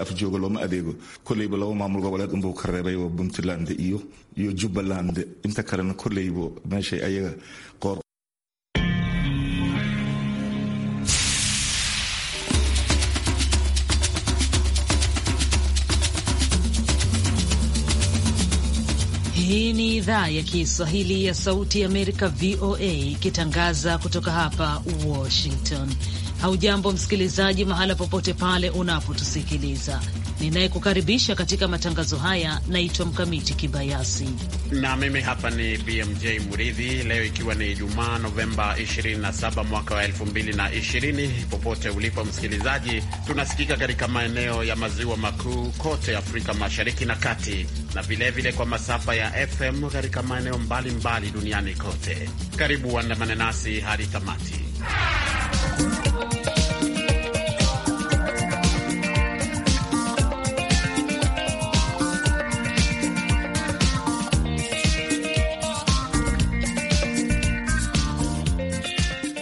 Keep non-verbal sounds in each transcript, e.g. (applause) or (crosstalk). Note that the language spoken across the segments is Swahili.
afjooga looma adeego koleyba laba maamul goboleed unbuu ka reebay oo puntland iyo iyo jubbaland inta kalena koleyba meeshay ayaga qoor Hii ni idhaa ya Kiswahili ya Sauti ya Amerika, VOA, ikitangaza kutoka hapa Washington haujambo msikilizaji, mahala popote pale unapotusikiliza. Ninayekukaribisha katika matangazo haya naitwa Mkamiti Kibayasi na mimi hapa ni BMJ Muridhi. Leo ikiwa ni Ijumaa, Novemba 27 mwaka wa 2020. Popote ulipo msikilizaji, tunasikika katika maeneo ya maziwa makuu kote Afrika Mashariki na Kati, na vilevile kwa masafa ya FM katika maeneo mbalimbali duniani kote. Karibu uandamane nasi hadi tamati.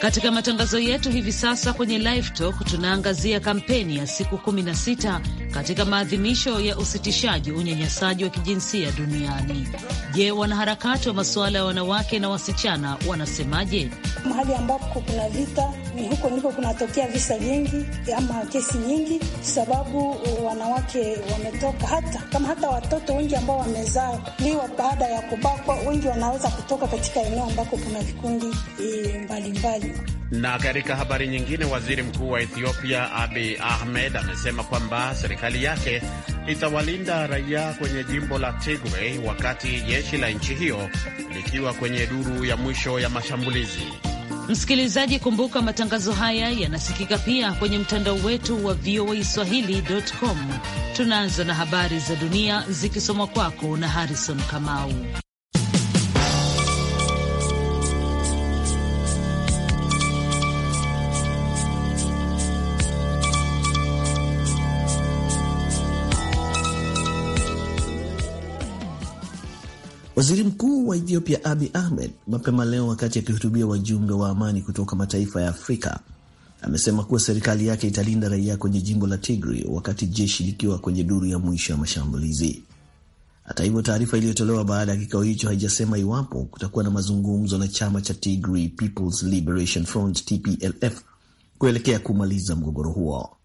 Katika matangazo yetu hivi sasa kwenye Live Talk tunaangazia kampeni ya siku 16 katika maadhimisho ya usitishaji unyanyasaji wa kijinsia duniani. Je, wanaharakati wa masuala ya wanawake na wasichana wanasemaje? Mahali ambapo kuna vita ni huko ndiko kunatokea visa vingi ama kesi nyingi, sababu wanawake wametoka, hata kama hata watoto wengi ambao wamezaa liwa baada ya kubakwa, wengi wanaweza kutoka katika eneo ambako kuna vikundi e, mbalimbali. Na katika habari nyingine, waziri mkuu wa Ethiopia abi Ahmed amesema kwamba serikali serikali yake itawalinda raia kwenye jimbo la Tigray wakati jeshi la nchi hiyo likiwa kwenye duru ya mwisho ya mashambulizi. Msikilizaji, kumbuka matangazo haya yanasikika pia kwenye mtandao wetu wa VOA Swahili.com. Tunaanza na habari za dunia zikisomwa kwako na Harrison Kamau. Waziri Mkuu wa Ethiopia Abi Ahmed mapema leo, wakati akihutubia wajumbe wa amani kutoka mataifa ya Afrika, amesema kuwa serikali yake italinda raia kwenye jimbo la tigri wakati jeshi likiwa kwenye duru ya mwisho ya mashambulizi. Hata hivyo, taarifa iliyotolewa baada ya kikao hicho haijasema iwapo kutakuwa na mazungumzo na chama cha Tigray People's Liberation Front TPLF kuelekea kumaliza mgogoro huo.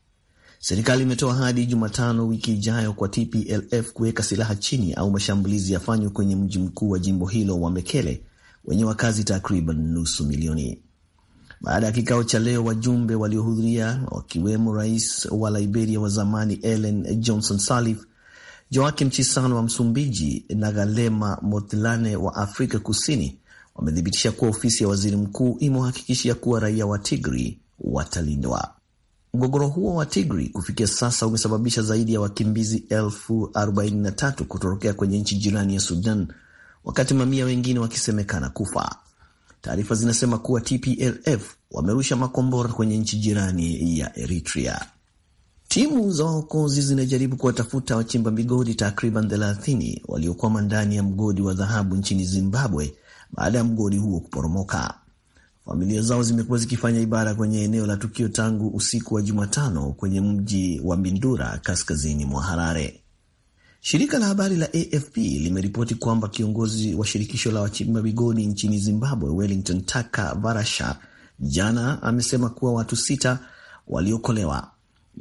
Serikali imetoa hadi Jumatano wiki ijayo kwa TPLF kuweka silaha chini au mashambulizi yafanywe kwenye mji mkuu wa jimbo hilo wa Mekele wenye wakazi takriban nusu milioni. Baada ya kikao cha leo, wajumbe waliohudhuria wakiwemo rais wa Liberia wa zamani Ellen Johnson Sirleaf, Joaquim Chissano wa Msumbiji na Galema Motlane wa Afrika Kusini wamethibitisha kuwa ofisi ya waziri mkuu imewahakikishia kuwa raia wa Tigri watalindwa. Mgogoro huo wa tigri kufikia sasa umesababisha zaidi ya wakimbizi elfu 43 kutorokea kwenye nchi jirani ya Sudan, wakati mamia wengine wakisemekana kufa. Taarifa zinasema kuwa TPLF wamerusha makombora kwenye nchi jirani ya Eritrea. Timu za waokozi zinajaribu kuwatafuta wachimba migodi takriban 30 waliokwama ndani ya mgodi wa dhahabu nchini Zimbabwe baada ya mgodi huo kuporomoka. Familia zao zimekuwa zikifanya ibada kwenye eneo la tukio tangu usiku wa Jumatano kwenye mji wa Bindura kaskazini mwa Harare. Shirika la habari la AFP limeripoti kwamba kiongozi wa shirikisho la wachimba migodi nchini Zimbabwe, Wellington Taka Varasha, jana amesema kuwa watu sita waliokolewa.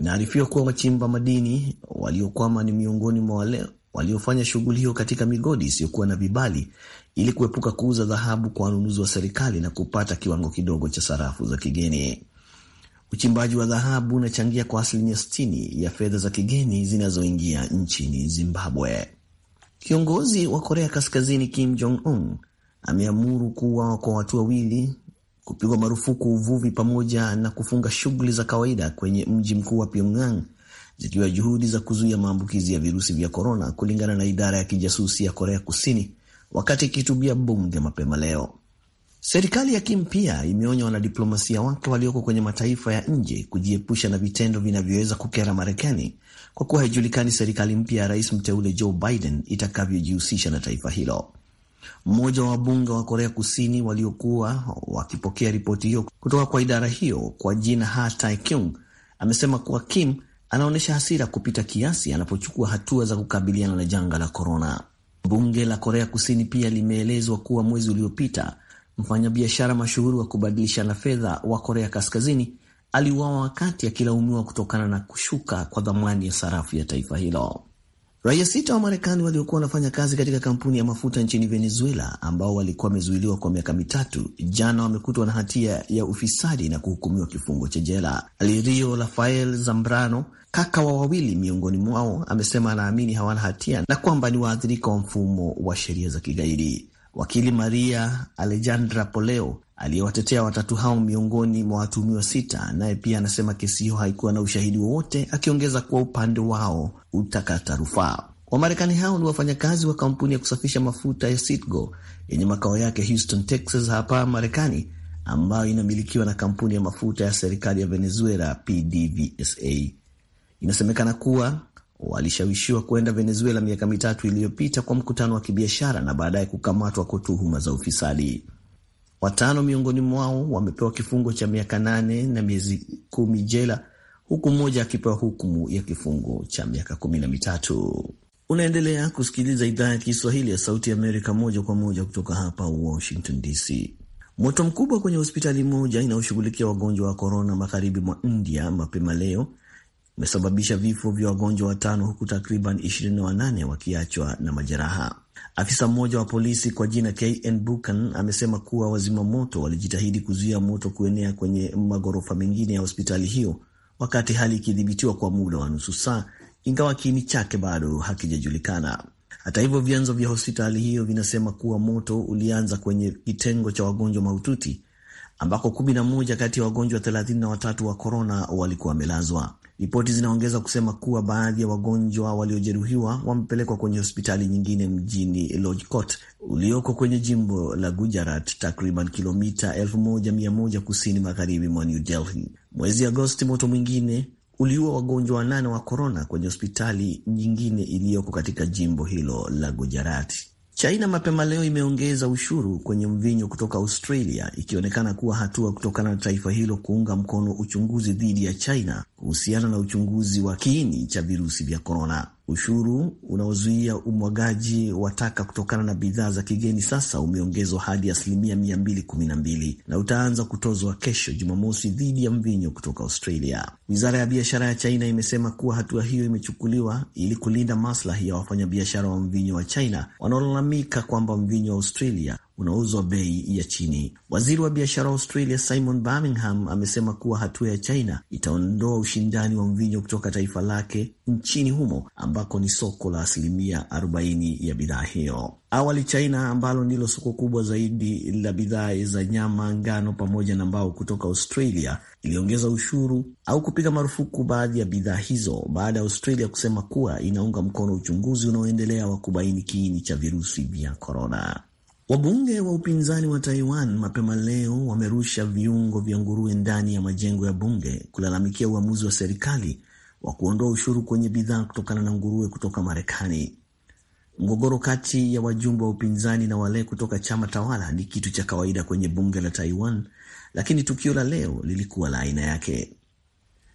Inaarifiwa kuwa wachimba madini waliokwama ni miongoni mwa wale waliofanya shughuli hiyo katika migodi isiyokuwa na vibali ili kuepuka kuuza dhahabu kwa wanunuzi wa serikali na kupata kiwango kidogo cha sarafu za kigeni. Uchimbaji wa dhahabu unachangia kwa asilimia 60 ya fedha za kigeni zinazoingia nchini Zimbabwe. Kiongozi wa Korea Kaskazini Kim Jong Un ameamuru kuuawa kwa watu wawili, kupigwa marufuku uvuvi, pamoja na kufunga shughuli za kawaida kwenye mji mkuu wa Pyongyang zikiwa juhudi za kuzuia maambukizi ya virusi vya korona, kulingana na idara ya kijasusi ya Korea Kusini wakati ikihutubia bunge mapema leo. Serikali ya Kim pia imeonya wanadiplomasia wake walioko kwenye mataifa ya nje kujiepusha na vitendo vinavyoweza kukera Marekani kwa kuwa haijulikani serikali mpya ya rais mteule Joe Biden itakavyojihusisha na taifa hilo. Mmoja wa wabunge wa Korea Kusini waliokuwa wakipokea ripoti hiyo kutoka kwa idara hiyo kwa jina Ha Tae-kyung amesema kuwa Kim anaonyesha hasira kupita kiasi anapochukua hatua za kukabiliana na janga la korona. Bunge la Korea Kusini pia limeelezwa kuwa mwezi uliopita mfanyabiashara mashuhuri wa kubadilishana fedha wa Korea Kaskazini aliuawa wakati akilaumiwa kutokana na kushuka kwa dhamani ya sarafu ya taifa hilo. Raia sita wa Marekani waliokuwa wanafanya kazi katika kampuni ya mafuta nchini Venezuela, ambao walikuwa wamezuiliwa kwa miaka mitatu, jana wamekutwa na hatia ya ufisadi na kuhukumiwa kifungo cha jela. Lirio Rafael Zambrano kaka wa wawili miongoni mwao amesema anaamini hawana hatia na kwamba ni waathirika wa mfumo wa sheria za kigaidi. Wakili Maria Alejandra Poleo aliyewatetea watatu hao miongoni mwa watuhumiwa sita, naye pia anasema kesi hiyo haikuwa na ushahidi wowote, akiongeza kuwa upande wao utakata rufaa. Wamarekani hao ni wafanyakazi wa kampuni ya kusafisha mafuta ya Citgo yenye makao yake Houston, Texas, hapa Marekani, ambayo inamilikiwa na kampuni ya mafuta ya serikali ya Venezuela, PDVSA. Inasemekana kuwa walishawishiwa kwenda Venezuela miaka mitatu iliyopita kwa mkutano wa kibiashara na baadaye kukamatwa kwa tuhuma za ufisadi. Watano miongoni mwao wamepewa kifungo cha miaka nane na miezi kumi jela huku mmoja akipewa hukumu ya kifungo cha miaka kumi na mitatu. Unaendelea kusikiliza idhaa ya Kiswahili ya Sauti Amerika moja kwa moja kutoka hapa Washington DC. Moto mkubwa kwenye hospitali moja inayoshughulikia wagonjwa wa korona magharibi mwa India mapema leo umesababisha vifo vya wagonjwa watano huku takriban 28 wakiachwa na majeraha. Afisa mmoja wa polisi kwa jina KN Buchan amesema kuwa wazimamoto walijitahidi kuzuia moto kuenea kwenye maghorofa mengine ya hospitali hiyo, wakati hali ikidhibitiwa kwa muda wa nusu saa, ingawa kiini chake bado hakijajulikana. Hata hivyo, vyanzo vya hospitali hiyo vinasema kuwa moto ulianza kwenye kitengo cha wagonjwa mahututi ambako 11 kati ya wagonjwa 33 wa korona walikuwa wamelazwa. Ripoti zinaongeza kusema kuwa baadhi ya wagonjwa waliojeruhiwa wamepelekwa kwenye hospitali nyingine mjini Lojkot ulioko kwenye jimbo la Gujarat, takriban kilomita 1100 kusini magharibi mwa New Delhi. Mwezi Agosti, moto mwingine uliua wagonjwa wanane wa korona kwenye hospitali nyingine iliyoko katika jimbo hilo la Gujarat. China mapema leo imeongeza ushuru kwenye mvinyo kutoka Australia, ikionekana kuwa hatua kutokana na taifa hilo kuunga mkono uchunguzi dhidi ya China kuhusiana na uchunguzi wa kiini cha virusi vya korona. Ushuru unaozuia umwagaji wa taka kutokana na bidhaa za kigeni sasa umeongezwa hadi asilimia 212 na utaanza kutozwa kesho Jumamosi dhidi ya mvinyo kutoka Australia. Wizara ya biashara ya China imesema kuwa hatua hiyo imechukuliwa ili kulinda maslahi ya wafanyabiashara wa mvinyo wa China wanaolalamika kwamba mvinyo wa Australia unaouzwa bei ya chini. Waziri wa biashara wa Australia Simon Birmingham amesema kuwa hatua ya China itaondoa ushindani wa mvinyo kutoka taifa lake nchini humo ambako ni soko la asilimia 40 ya bidhaa hiyo. Awali China ambalo ndilo soko kubwa zaidi la bidhaa za nyama, ngano pamoja na mbao kutoka Australia iliongeza ushuru au kupiga marufuku baadhi ya bidhaa hizo baada ya Australia kusema kuwa inaunga mkono uchunguzi unaoendelea wa kubaini kiini cha virusi vya korona. Wabunge wa upinzani wa Taiwan mapema leo wamerusha viungo vya nguruwe ndani ya majengo ya bunge kulalamikia uamuzi wa serikali wa kuondoa ushuru kwenye bidhaa kutokana na nguruwe kutoka Marekani. Mgogoro kati ya wajumbe wa upinzani na wale kutoka chama tawala ni kitu cha kawaida kwenye bunge la Taiwan, lakini tukio la leo lilikuwa la aina yake.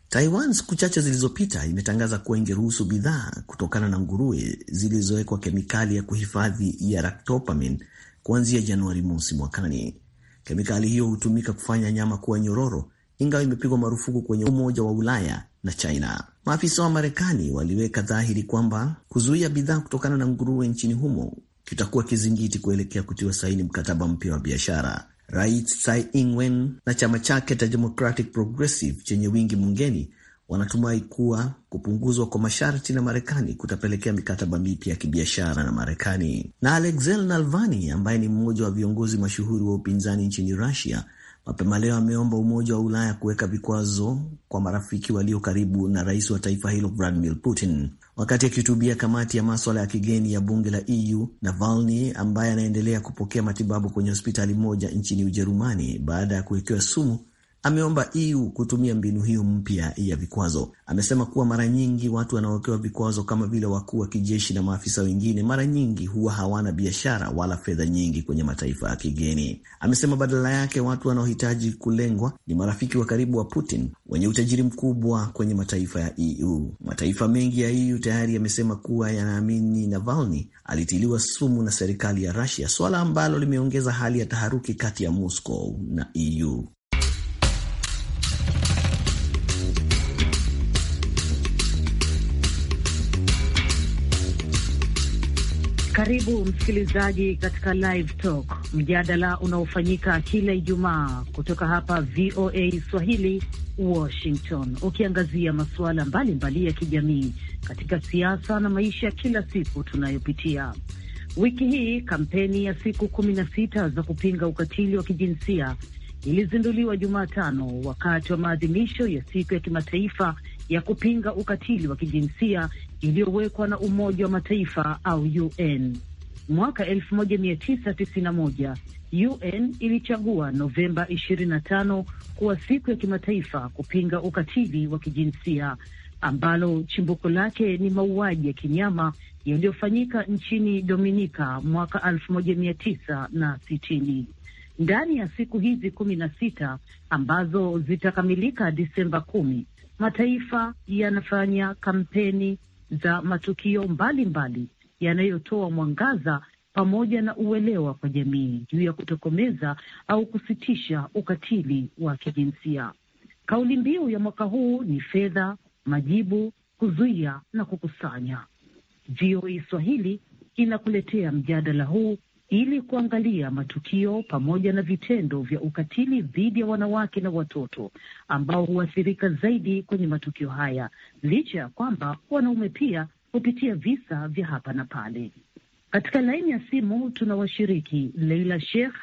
Taiwan siku chache zilizopita imetangaza kuwa ingeruhusu bidhaa kutokana na nguruwe zilizowekwa kemikali ya kuhifadhi ya ractopamine kuanzia Januari mosi mwakani. Kemikali hiyo hutumika kufanya nyama kuwa nyororo, ingawa imepigwa marufuku kwenye Umoja wa Ulaya na China. Maafisa wa Marekani waliweka dhahiri kwamba kuzuia bidhaa kutokana na nguruwe nchini humo kitakuwa kizingiti kuelekea kutiwa saini mkataba mpya wa biashara. Rais Tsai Ing-wen na chama chake cha Democratic Progressive chenye wingi bungeni wanatumai kuwa kupunguzwa kwa masharti na Marekani kutapelekea mikataba mipya ya kibiashara na Marekani. Na Alexei Navalny ambaye ni mmoja wa viongozi mashuhuri wa upinzani nchini Russia mapema leo ameomba Umoja wa Ulaya kuweka vikwazo kwa marafiki walio karibu na rais wa taifa hilo Vladimir Putin. Wakati akihutubia kamati ya maswala ya kigeni ya bunge la EU, Navalny ambaye anaendelea kupokea matibabu kwenye hospitali moja nchini Ujerumani baada ya kuwekewa sumu ameomba EU kutumia mbinu hiyo mpya ya vikwazo. Amesema kuwa mara nyingi watu wanaowekewa vikwazo kama vile wakuu wa kijeshi na maafisa wengine, mara nyingi huwa hawana biashara wala fedha nyingi kwenye mataifa ya kigeni. Amesema badala yake watu wanaohitaji kulengwa ni marafiki wa karibu wa Putin wenye utajiri mkubwa kwenye mataifa ya EU. Mataifa mengi ya EU tayari yamesema kuwa yanaamini Navalny alitiliwa sumu na serikali ya rasia swala ambalo limeongeza hali ya taharuki kati ya Moscow na EU. Karibu msikilizaji katika Live Talk, mjadala unaofanyika kila Ijumaa kutoka hapa VOA Swahili, Washington, ukiangazia masuala mbalimbali ya kijamii katika siasa na maisha ya kila siku tunayopitia. Wiki hii kampeni ya siku kumi na sita za kupinga ukatili wa kijinsia ilizinduliwa Jumatano wakati wa maadhimisho ya siku ya kimataifa ya kupinga ukatili wa kijinsia iliyowekwa na Umoja wa Mataifa au UN. Mwaka 1991 UN ilichagua Novemba 25 kuwa siku ya kimataifa kupinga ukatili wa kijinsia ambalo chimbuko lake ni mauaji ya kinyama yaliyofanyika nchini Dominika mwaka 1960. Ndani ya siku hizi kumi na sita ambazo zitakamilika Disemba kumi, mataifa yanafanya kampeni za matukio mbalimbali yanayotoa mwangaza pamoja na uelewa kwa jamii juu ya kutokomeza au kusitisha ukatili wa kijinsia. Kauli mbiu ya mwaka huu ni fedha, majibu, kuzuia na kukusanya. VOA e Swahili inakuletea mjadala huu ili kuangalia matukio pamoja na vitendo vya ukatili dhidi ya wanawake na watoto ambao huathirika zaidi kwenye matukio haya, licha ya kwamba wanaume pia hupitia visa vya hapa na pale. Katika laini ya simu tuna washiriki Leila Sheikh,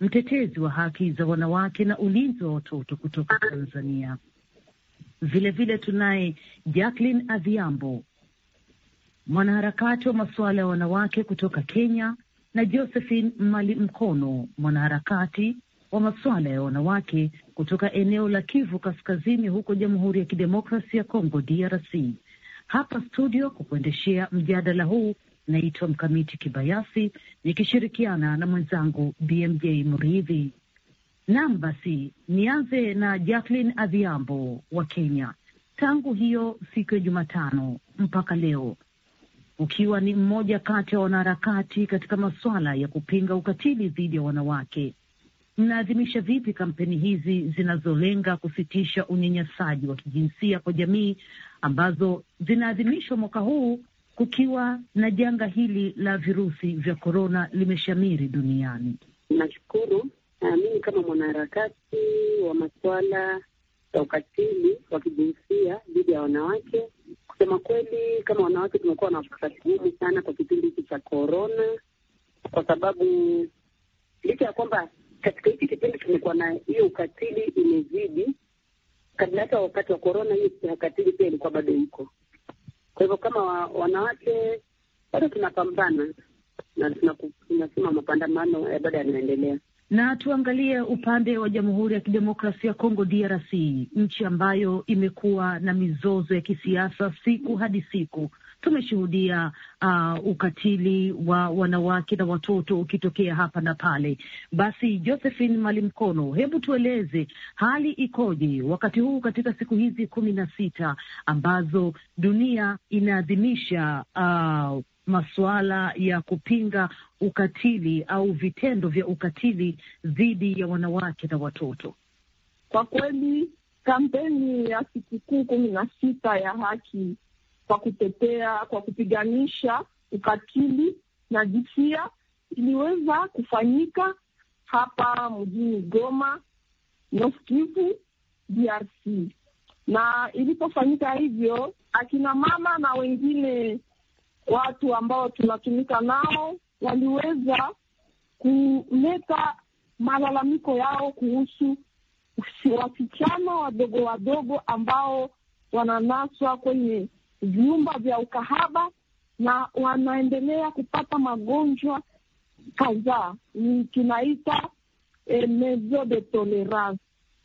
mtetezi wa haki za wanawake na ulinzi wa watoto kutoka Tanzania. Vilevile tunaye Jacqueline Adhiambo, mwanaharakati wa masuala ya wanawake kutoka Kenya, na Josephine Mali Mkono, mwanaharakati wa masuala ya wanawake kutoka eneo la Kivu Kaskazini huko Jamhuri ya Kidemokrasi ya Kongo, DRC. Hapa studio kukuendeshea mjadala huu naitwa Mkamiti Kibayasi nikishirikiana na mwenzangu BMJ Mridhi. Nam, basi nianze na Jacqueline Adhiambo wa Kenya. Tangu hiyo siku ya Jumatano mpaka leo ukiwa ni mmoja kati ya wanaharakati katika masuala ya kupinga ukatili dhidi ya wanawake. Mnaadhimisha vipi kampeni hizi zinazolenga kusitisha unyanyasaji wa kijinsia kwa jamii ambazo zinaadhimishwa mwaka huu kukiwa na janga hili la virusi vya korona limeshamiri duniani? Nashukuru. Ah, mimi kama mwanaharakati wa masuala ya ukatili wa kijinsia dhidi ya wanawake. Kusema kweli, kama wanawake tumekuwa na wakati sana kwa kipindi hiki cha korona, kwa sababu licha ya kwamba katika hiki kipindi tumekuwa na hiyo ukatili imezidi kabla hata wakati wa korona, hiyo ukatili pia ilikuwa bado iko. Kwa hivyo kama wa, wanawake bado tunapambana na tunasema mapandamano bado yanaendelea. Na tuangalie upande wa Jamhuri ya Kidemokrasia ya Kongo, DRC, nchi ambayo imekuwa na mizozo ya kisiasa siku hadi siku. Tumeshuhudia uh, ukatili wa wanawake na watoto ukitokea hapa na pale. Basi Josephine Malimkono, hebu tueleze hali ikoje wakati huu katika siku hizi kumi na sita ambazo dunia inaadhimisha uh, masuala ya kupinga ukatili au vitendo vya ukatili dhidi ya wanawake na watoto. Kwa kweli kampeni ya sikukuu kumi na sita ya haki kwa kutetea kwa kupiganisha ukatili na jinsia iliweza kufanyika hapa mjini Goma, North Kivu, DRC, na ilipofanyika hivyo, akina mama na wengine watu ambao tunatumika nao waliweza kuleta malalamiko yao kuhusu wasichana wadogo wadogo ambao wananaswa kwenye vyumba vya ukahaba na wanaendelea kupata magonjwa kadhaa, ni tunaita eh, mezo de tolerance.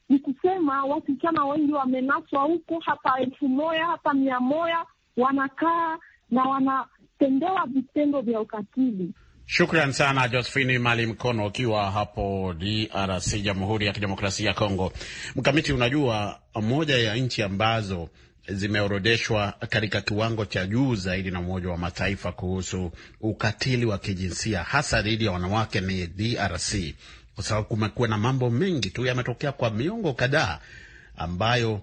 Ni kusema wasichana wengi wamenaswa huko, hata elfu moja hata mia moja wanakaa na wanatendewa vitendo vya ukatili. Shukran sana Josephine Mali Mkono ukiwa hapo DRC, Jamhuri ya Kidemokrasia ya Kongo. Mkamiti, unajua moja ya nchi ambazo zimeorodeshwa katika kiwango cha juu zaidi na Umoja wa Mataifa kuhusu ukatili wa kijinsia hasa dhidi ya wanawake ni DRC, kwa sababu kumekuwa na mambo mengi tu yametokea kwa miongo kadhaa ambayo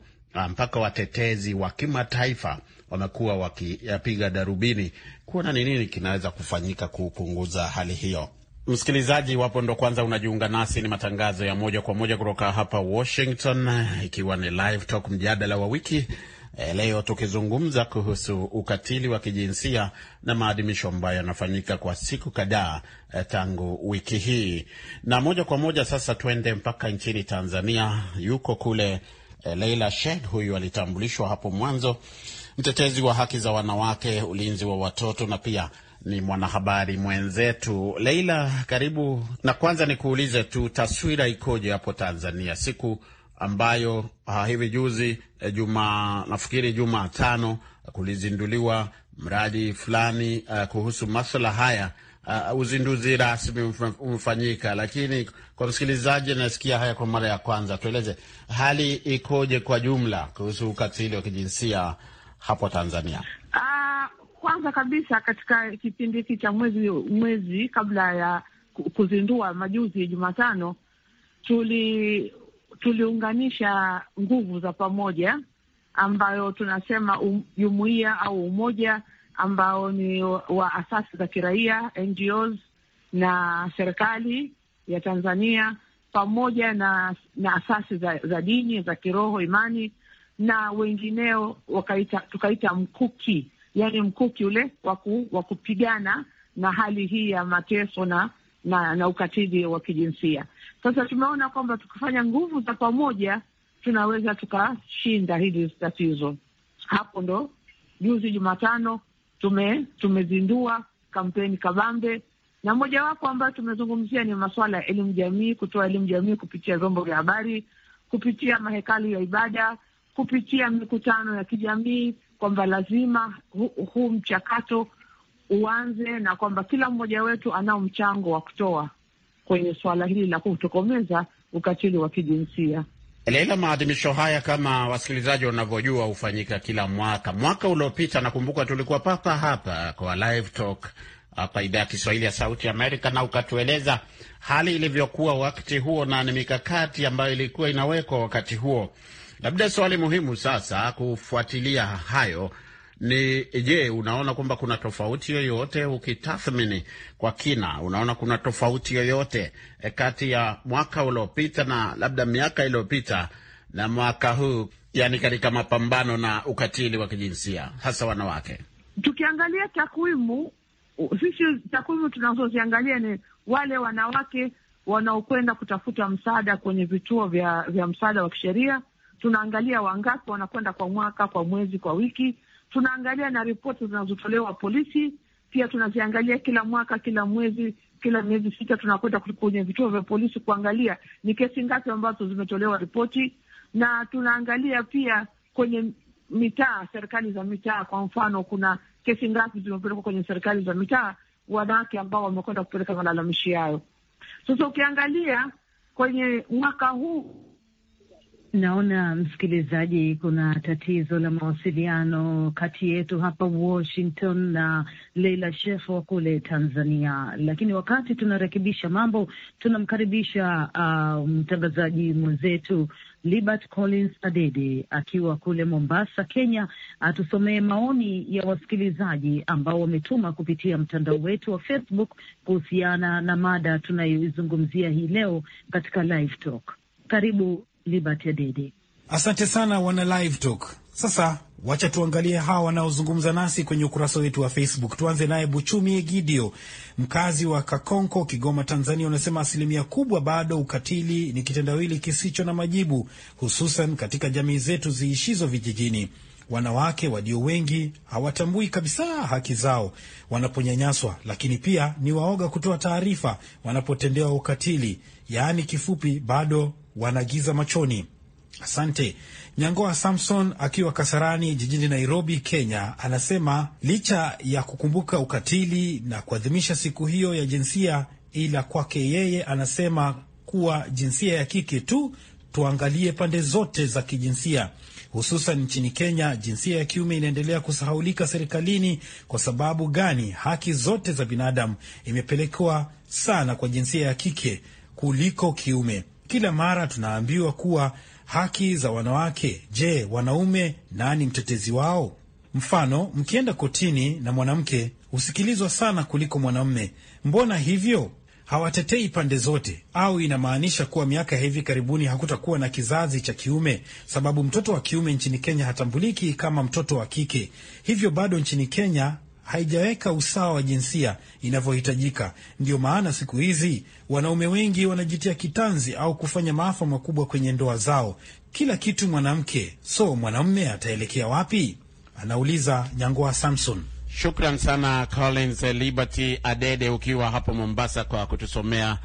mpaka watetezi wa kimataifa wamekuwa wakiyapiga darubini kuona ni nini kinaweza kufanyika kupunguza hali hiyo. Msikilizaji, wapo ndo kwanza unajiunga nasi, ni matangazo ya moja kwa moja kutoka hapa Washington, ikiwa ni Live Talk, mjadala wa wiki. Eh, leo tukizungumza kuhusu ukatili wa kijinsia na maadhimisho ambayo yanafanyika kwa siku kadhaa eh, tangu wiki hii, na moja kwa moja sasa tuende mpaka nchini Tanzania. Yuko kule eh, Leila Shed, huyu alitambulishwa hapo mwanzo mtetezi wa haki za wanawake, ulinzi wa watoto na pia ni mwanahabari mwenzetu. Leila, karibu. Na kwanza nikuulize tu, taswira ikoje hapo Tanzania siku ambayo uh, hivi juzi eh, juma nafikiri Jumatano kulizinduliwa mradi fulani uh, kuhusu maswala haya uh, uzinduzi rasmi umefanyika, lakini kwa msikilizaji anasikia haya kwa mara ya kwanza, tueleze hali ikoje kwa jumla kuhusu ukatili wa kijinsia hapo Tanzania? Uh, kwanza kabisa katika kipindi hiki cha mwezi mwezi kabla ya kuzindua majuzi Jumatano, tuli tuliunganisha nguvu za pamoja ambayo tunasema um, jumuiya um, au umoja ambao ni wa asasi za kiraia NGOs na serikali ya Tanzania pamoja na, na asasi za, za dini za kiroho imani na wengineo wakaita, tukaita mkuki, yani mkuki ule wa kupigana na hali hii ya mateso na na, na ukatili wa kijinsia. Sasa tumeona kwamba tukifanya nguvu za pamoja tunaweza tukashinda hili tatizo. Hapo ndo juzi Jumatano tume, tumezindua kampeni kabambe, na mojawapo ambayo tumezungumzia ni masuala ya elimu jamii, kutoa elimu jamii kupitia vyombo vya habari, kupitia mahekalu ya ibada kupitia mikutano ya kijamii kwamba lazima huu hu mchakato uanze na kwamba kila mmoja wetu anao mchango wa kutoa kwenye suala hili la kutokomeza ukatili wa kijinsia. Leila, maadhimisho haya kama wasikilizaji wanavyojua hufanyika kila mwaka. Mwaka uliopita nakumbuka tulikuwa papa hapa kwa live talk hapa idhaa ya Kiswahili ya Sauti Amerika, na ukatueleza hali ilivyokuwa wakati huo na ni mikakati ambayo ilikuwa inawekwa wakati huo. Labda swali muhimu sasa kufuatilia hayo ni je, unaona kwamba kuna tofauti yoyote ukitathmini kwa kina, unaona kuna tofauti yoyote e, kati ya mwaka uliopita na labda miaka iliyopita na mwaka huu, yani katika mapambano na ukatili wa kijinsia hasa wanawake? Tukiangalia takwimu, sisi takwimu tunazoziangalia ni wale wanawake wanaokwenda kutafuta msaada kwenye vituo vya, vya msaada wa kisheria tunaangalia wangapi wanakwenda kwa mwaka, kwa mwezi, kwa wiki. Tunaangalia na ripoti zinazotolewa polisi, pia tunaziangalia kila mwaka, kila mwezi, kila miezi sita, tunakwenda kwenye vituo vya polisi kuangalia ni kesi ngapi ambazo zimetolewa ripoti, na tunaangalia pia kwenye mitaa, serikali za mitaa. Kwa mfano, kuna kesi ngapi zimepelekwa kwenye serikali za mitaa, wanawake ambao wamekwenda kupeleka malalamishi yayo. Sasa ukiangalia kwenye mwaka huu Naona msikilizaji, kuna tatizo la mawasiliano kati yetu hapa Washington na Leila Shefo kule Tanzania, lakini wakati tunarekebisha mambo, tunamkaribisha uh, mtangazaji mwenzetu Libert Collins Adede akiwa kule Mombasa, Kenya, atusomee maoni ya wasikilizaji ambao wametuma kupitia mtandao wetu wa Facebook kuhusiana na mada tunayoizungumzia hii leo katika Live Talk. Karibu Liberty Dede. Asante sana wana Live Talk. Sasa wacha tuangalie hawa wanaozungumza nasi kwenye ukurasa wetu wa Facebook. Tuanze naye Buchumi Egidio, mkazi wa Kakonko, Kigoma, Tanzania. Unasema asilimia kubwa bado ukatili ni kitendawili kisicho na majibu, hususan katika jamii zetu ziishizo vijijini. Wanawake walio wengi hawatambui kabisa haki zao wanaponyanyaswa, lakini pia ni waoga kutoa taarifa wanapotendewa ukatili, yaani kifupi, bado wanagiza machoni. Asante. Nyangoa Samson akiwa Kasarani jijini Nairobi, Kenya, anasema licha ya kukumbuka ukatili na kuadhimisha siku hiyo ya jinsia, ila kwake yeye anasema kuwa jinsia ya kike tu, tuangalie pande zote za kijinsia hususan nchini Kenya, jinsia ya kiume inaendelea kusahaulika serikalini. Kwa sababu gani? Haki zote za binadamu imepelekewa sana kwa jinsia ya kike kuliko kiume. Kila mara tunaambiwa kuwa haki za wanawake. Je, wanaume nani mtetezi wao? Mfano, mkienda kotini na mwanamke husikilizwa sana kuliko mwanaume Mbona hivyo? Hawatetei pande zote, au inamaanisha kuwa miaka ya hivi karibuni hakutakuwa na kizazi cha kiume, sababu mtoto wa kiume nchini Kenya hatambuliki kama mtoto wa kike. Hivyo bado nchini Kenya haijaweka usawa wa jinsia inavyohitajika. ndio maana siku hizi wanaume wengi wanajitia kitanzi au kufanya maafa makubwa kwenye ndoa zao. Kila kitu mwanamke, so mwanaume ataelekea wapi? Anauliza Nyangoa Samson. Shukran sana Collins Liberty Adede, ukiwa hapo Mombasa, kwa kutusomea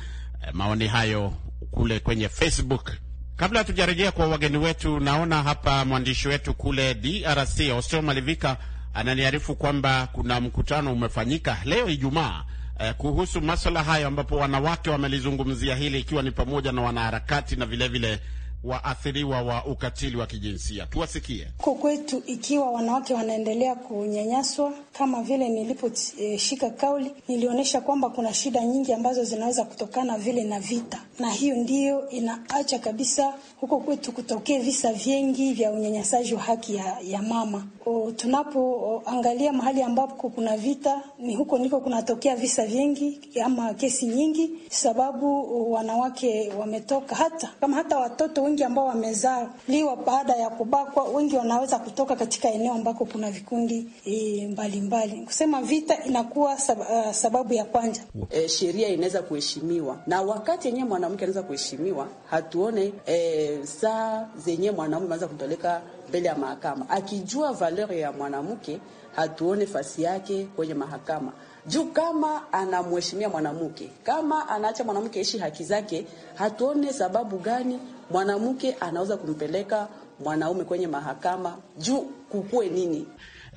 eh, maoni hayo kule kwenye Facebook. Kabla hatujarejea kwa wageni wetu, naona hapa mwandishi wetu kule DRC Osteo Malivika ananiarifu kwamba kuna mkutano umefanyika leo Ijumaa eh, kuhusu masuala hayo ambapo wanawake wamelizungumzia hili ikiwa ni pamoja na wanaharakati na vilevile vile waathiriwa wa ukatili wa kijinsia. Tuwasikie. Huko kwetu, ikiwa wanawake wanaendelea kunyanyaswa, kama vile niliposhika eh, e, kauli nilionyesha kwamba kuna shida nyingi ambazo zinaweza kutokana vile na vita, na hiyo ndiyo inaacha kabisa huko kwetu kutokea visa vyengi vya unyanyasaji wa haki ya, ya mama. Tunapoangalia mahali ambapo kuna vita, ni huko ndiko kunatokea visa vyengi ama kesi nyingi, sababu wanawake wametoka hata kama hata watoto wengi ambao wamezaliwa baada ya kubakwa, wengi wanaweza kutoka katika eneo ambako kuna vikundi e, mbalimbali mbali. Kusema vita inakuwa uh, sababu ya kwanza. E, sheria inaweza kuheshimiwa na wakati yenyewe mwanamke anaweza kuheshimiwa, hatuone e, saa zenyewe mwanamume anaweza kutoleka mbele ya mahakama akijua valeur ya mwanamke, hatuone fasi yake kwenye mahakama juu kama anamheshimia mwanamke, kama anaacha mwanamke aishi haki zake, hatuone sababu gani mwanamke anaweza kumpeleka mwanaume kwenye mahakama juu kukue nini?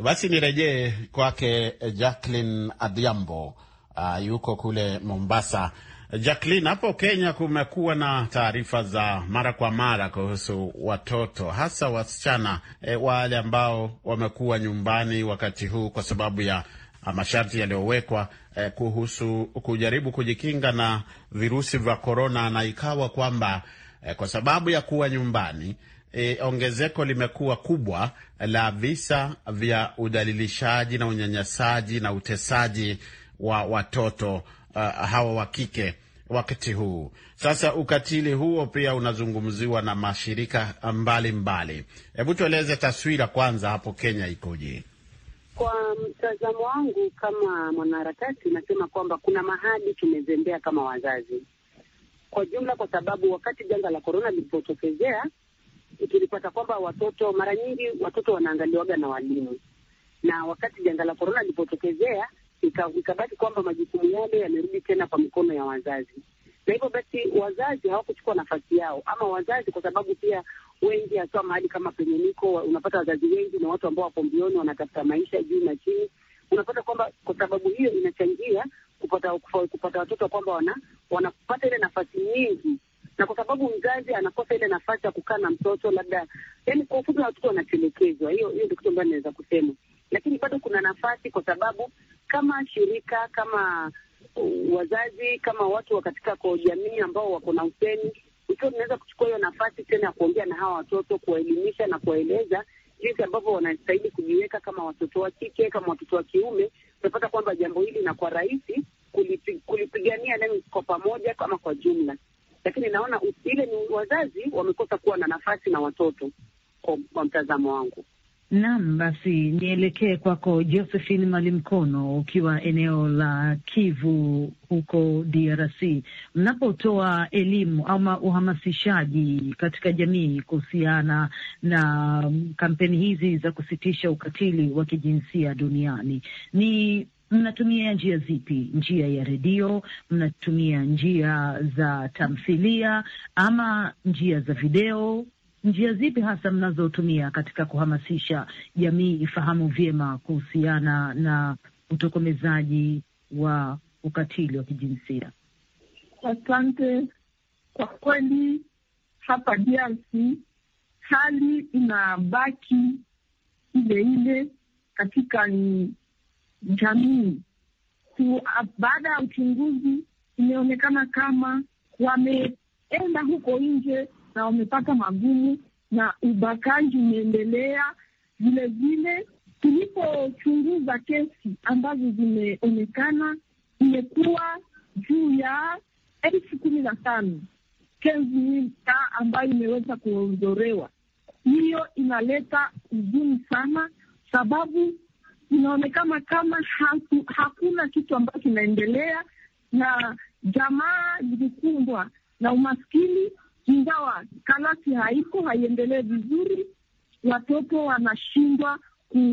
Basi nirejee kwake eh, Jacqueline Adhiambo, uh, yuko kule Mombasa. Jacqueline, hapo Kenya kumekuwa na taarifa za mara kwa mara kuhusu watoto hasa wasichana e, wale ambao wamekuwa nyumbani wakati huu kwa sababu ya Ah, masharti yaliyowekwa eh, kuhusu kujaribu kujikinga na virusi vya korona, na ikawa kwamba eh, kwa sababu ya kuwa nyumbani E, ongezeko limekuwa kubwa la visa vya udhalilishaji na unyanyasaji na utesaji wa watoto uh, hawa wa kike wakati huu. Sasa ukatili huo pia unazungumziwa na mashirika mbalimbali. Hebu mbali, tueleze taswira kwanza hapo Kenya ikoje? Kwa mtazamo wangu kama mwanaharakati, nasema kwamba kuna mahali tumezembea kama wazazi kwa jumla, kwa sababu wakati janga la korona lilipotokezea tulipata kwamba watoto mara nyingi watoto wanaangaliwaga na walimu, na wakati janga la korona lilipotokezea ikabaki kwamba majukumu yale yamerudi tena kwa mikono ya wazazi, na hivyo basi wazazi hawakuchukua nafasi yao, ama wazazi, kwa sababu pia wengi, hasa mahali kama penye niko, unapata wazazi wengi na watu ambao wako mbioni, wanatafuta maisha juu na chini. Unapata kwamba kwa sababu hiyo inachangia kupata kupata watoto kwamba wana wanapata ile nafasi nyingi, na kwa sababu mzazi anakosa ile nafasi ya kukaa na mtoto labda, yani kwa ufupi watoto wanatelekezwa. Hiyo hiyo ndio kitu ambayo inaweza kusema, lakini bado kuna nafasi, kwa sababu kama shirika kama wazazi kama watu wa katika kwa jamii ambao wako na useni ikiwa tunaweza kuchukua hiyo nafasi tena ya kuongea na hawa watoto, kuwaelimisha na kuwaeleza jinsi ambavyo wanastahili kujiweka kama watoto wa kike, kama watoto wa kiume, unapata kwamba jambo hili linakuwa rahisi kulipigania nani kwa pamoja kama kwa jumla. Lakini naona ile ni wazazi wamekosa kuwa na nafasi na watoto, kwa mtazamo wangu. Naam, basi nielekee kwako Josephine Malimkono, ukiwa eneo la Kivu huko DRC, mnapotoa elimu ama uhamasishaji katika jamii kuhusiana na kampeni hizi za kusitisha ukatili wa kijinsia duniani ni mnatumia njia zipi? Njia ya redio, mnatumia njia za tamthilia ama njia za video? njia zipi hasa mnazotumia katika kuhamasisha jamii ifahamu vyema kuhusiana na utokomezaji wa ukatili wa kijinsia? Asante. Kwa kweli hapa DRC hali inabaki ile ile katika jamii tu. Baada ya uchunguzi, imeonekana kama wameenda huko nje na wamepata magumu na ubakaji umeendelea vilevile. Tulipochunguza kesi ambazo zimeonekana, imekuwa juu ya elfu kumi na tano kesi ambayo imeweza kuondorewa. Hiyo inaleta huzuni sana, sababu inaonekana kama haku, hakuna kitu ambacho kinaendelea, na jamaa zilikumbwa na umaskini ingawa kalasi haiko haiendelee vizuri, watoto wanashindwa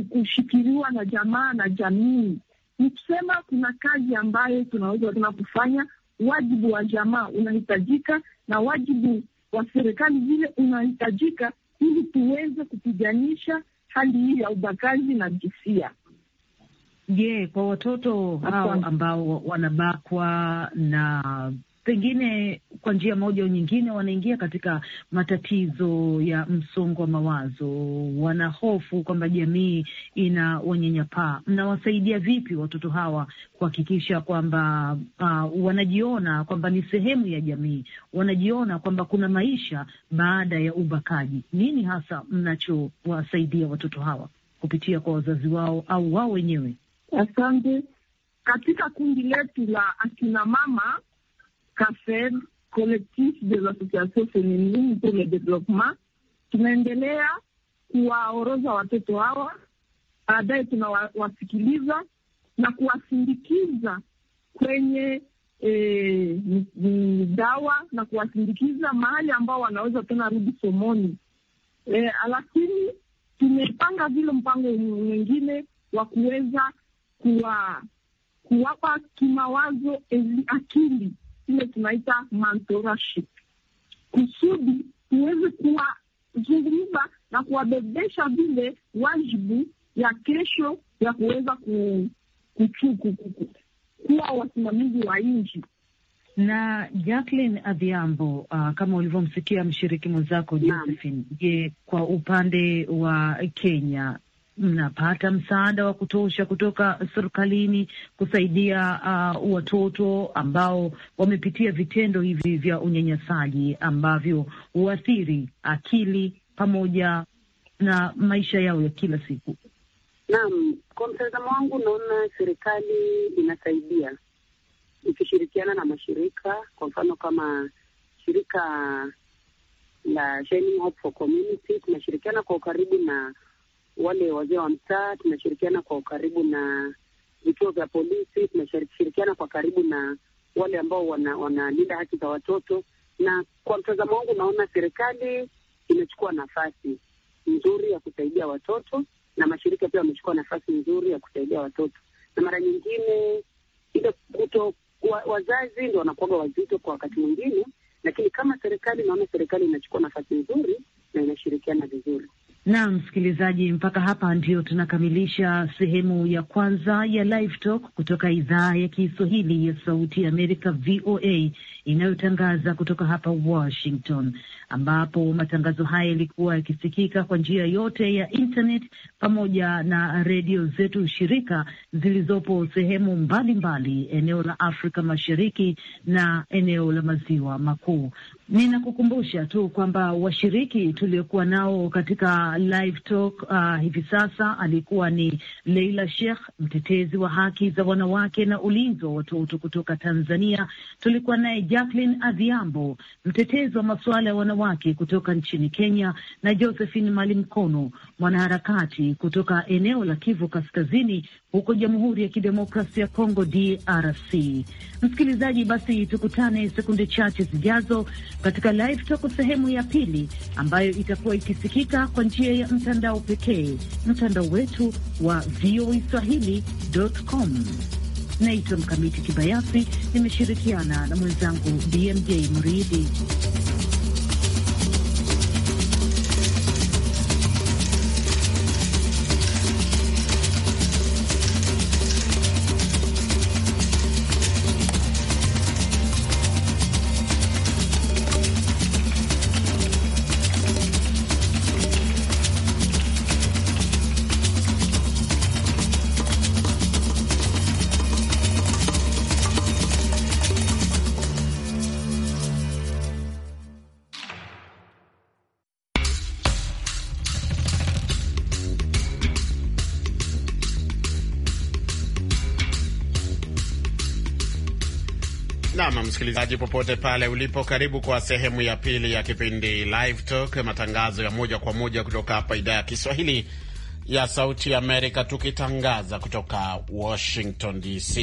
kushikiliwa na jamaa na jamii. Ni kusema kuna kazi ambayo tunaweza tena kufanya. Wajibu wa jamaa unahitajika na wajibu wa serikali vile unahitajika, ili tuweze kupiganisha hali hii ya ubakaji na jinsia. Je, yeah, kwa watoto hao ambao wanabakwa na pengine kwa njia moja au nyingine wanaingia katika matatizo ya msongo wa mawazo, wanahofu kwamba jamii ina wanyanyapaa. Mnawasaidia vipi watoto hawa kuhakikisha kwamba uh, wanajiona kwamba ni sehemu ya jamii, wanajiona kwamba kuna maisha baada ya ubakaji? Nini hasa mnachowasaidia watoto hawa kupitia kwa wazazi wao au wao wenyewe? Asante. Katika kundi letu la akina mama CAFED, collectif des associations féminines pour le développement. Tunaendelea kuwaoroza watoto hawa, baadaye tunawasikiliza na kuwasindikiza kwenye e, dawa na kuwasindikiza mahali ambao wanaweza tena rudi somoni. E, lakini tumepanga vile mpango mwingine wa kuweza kuwapa kimawazo akili ile tunaita mentorship, kusudi tuweze kuwazungumza na kuwabebesha vile wajibu ya kesho ya kuweza kuchuku kuwa wasimamizi wa nchi na Jacqueline Adhiambo, uh, kama ulivyomsikia mshiriki mwenzako Josephine, je, kwa upande wa Kenya mnapata msaada wa kutosha kutoka serikalini kusaidia uh, watoto ambao wamepitia vitendo hivi vya unyanyasaji ambavyo huathiri akili pamoja na maisha yao ya kila siku? Naam, kwa mtazamo wangu naona serikali inasaidia ikishirikiana na mashirika, kwa mfano kama shirika la Shining Hope for Community tunashirikiana kwa ukaribu na wale wazee wa mtaa, tunashirikiana kwa ukaribu na vituo vya polisi, tunashirikiana kwa karibu na wale ambao wanalinda wana haki za watoto, na kwa mtazamo wangu naona serikali imechukua nafasi nzuri ya kusaidia watoto na mashirika pia wamechukua nafasi nzuri ya kusaidia watoto, na mara nyingine ile kuto wa, wazazi ndo wanakuwaga wazito kwa wakati mwingine, lakini kama serikali, naona serikali inachukua nafasi nzuri na inashirikiana vizuri. Na msikilizaji, mpaka hapa ndio tunakamilisha sehemu ya kwanza ya Live Talk kutoka idhaa ya Kiswahili ya Sauti ya Amerika, VOA inayotangaza kutoka hapa Washington, ambapo matangazo haya yalikuwa yakisikika kwa njia yote ya internet pamoja na redio zetu shirika zilizopo sehemu mbalimbali mbali, eneo la Afrika Mashariki na eneo la Maziwa Makuu. Ninakukumbusha tu kwamba washiriki tuliokuwa nao katika live talk uh, hivi sasa alikuwa ni Leila Sheikh, mtetezi wa haki za wanawake na ulinzi wa watoto kutoka Tanzania. Tulikuwa naye Jacqueline Adhiambo, mtetezi wa masuala ya wanawake kutoka nchini Kenya, na Josephine Malimkono, mwanaharakati kutoka eneo la Kivu Kaskazini huko Jamhuri ya Kidemokrasia ya Kongo, DRC. Msikilizaji, basi tukutane sekunde chache zijazo katika Live Talk sehemu ya pili, ambayo itakuwa ikisikika kwa njia ya mtandao pekee, mtandao wetu wa voaswahili.com. E Naitwa Mkamiti Kibayasi, nimeshirikiana na mwenzangu BMJ Mridhi. sana msikilizaji, popote pale ulipo, karibu kwa sehemu ya pili ya kipindi Live Talk, matangazo ya moja kwa moja kutoka hapa idhaa ya Kiswahili ya Sauti Amerika, tukitangaza kutoka Washington DC.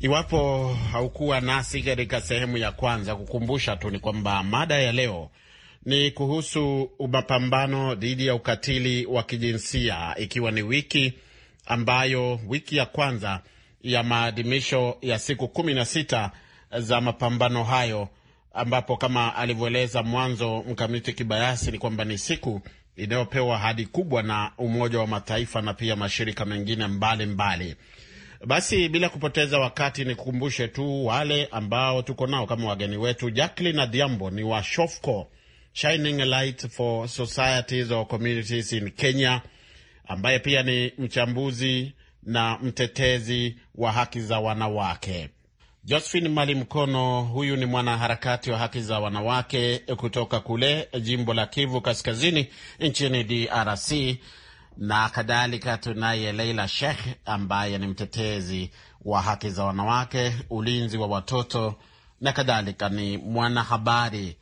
Iwapo haukuwa nasi katika sehemu ya kwanza, kukumbusha tu ni kwamba mada ya leo ni kuhusu mapambano dhidi ya ukatili wa kijinsia, ikiwa ni wiki ambayo wiki ya kwanza ya maadhimisho ya siku kumi na sita za mapambano hayo, ambapo kama alivyoeleza mwanzo mkamiti Kibayasi ni kwamba ni siku inayopewa hadi kubwa na Umoja wa Mataifa na pia mashirika mengine mbalimbali mbali. Basi bila kupoteza wakati nikukumbushe tu wale ambao tuko nao kama wageni wetu. Jacqueline Adhiambo ni wa Shofco Shining Light for Societies or Communities in Kenya, ambaye pia ni mchambuzi na mtetezi wa haki za wanawake. Josephine Mali Mkono huyu ni mwanaharakati wa haki za wanawake kutoka kule jimbo la Kivu Kaskazini nchini DRC, na kadhalika tunaye Leila Sheikh ambaye ni mtetezi wa haki za wanawake, ulinzi wa watoto na kadhalika, ni mwanahabari.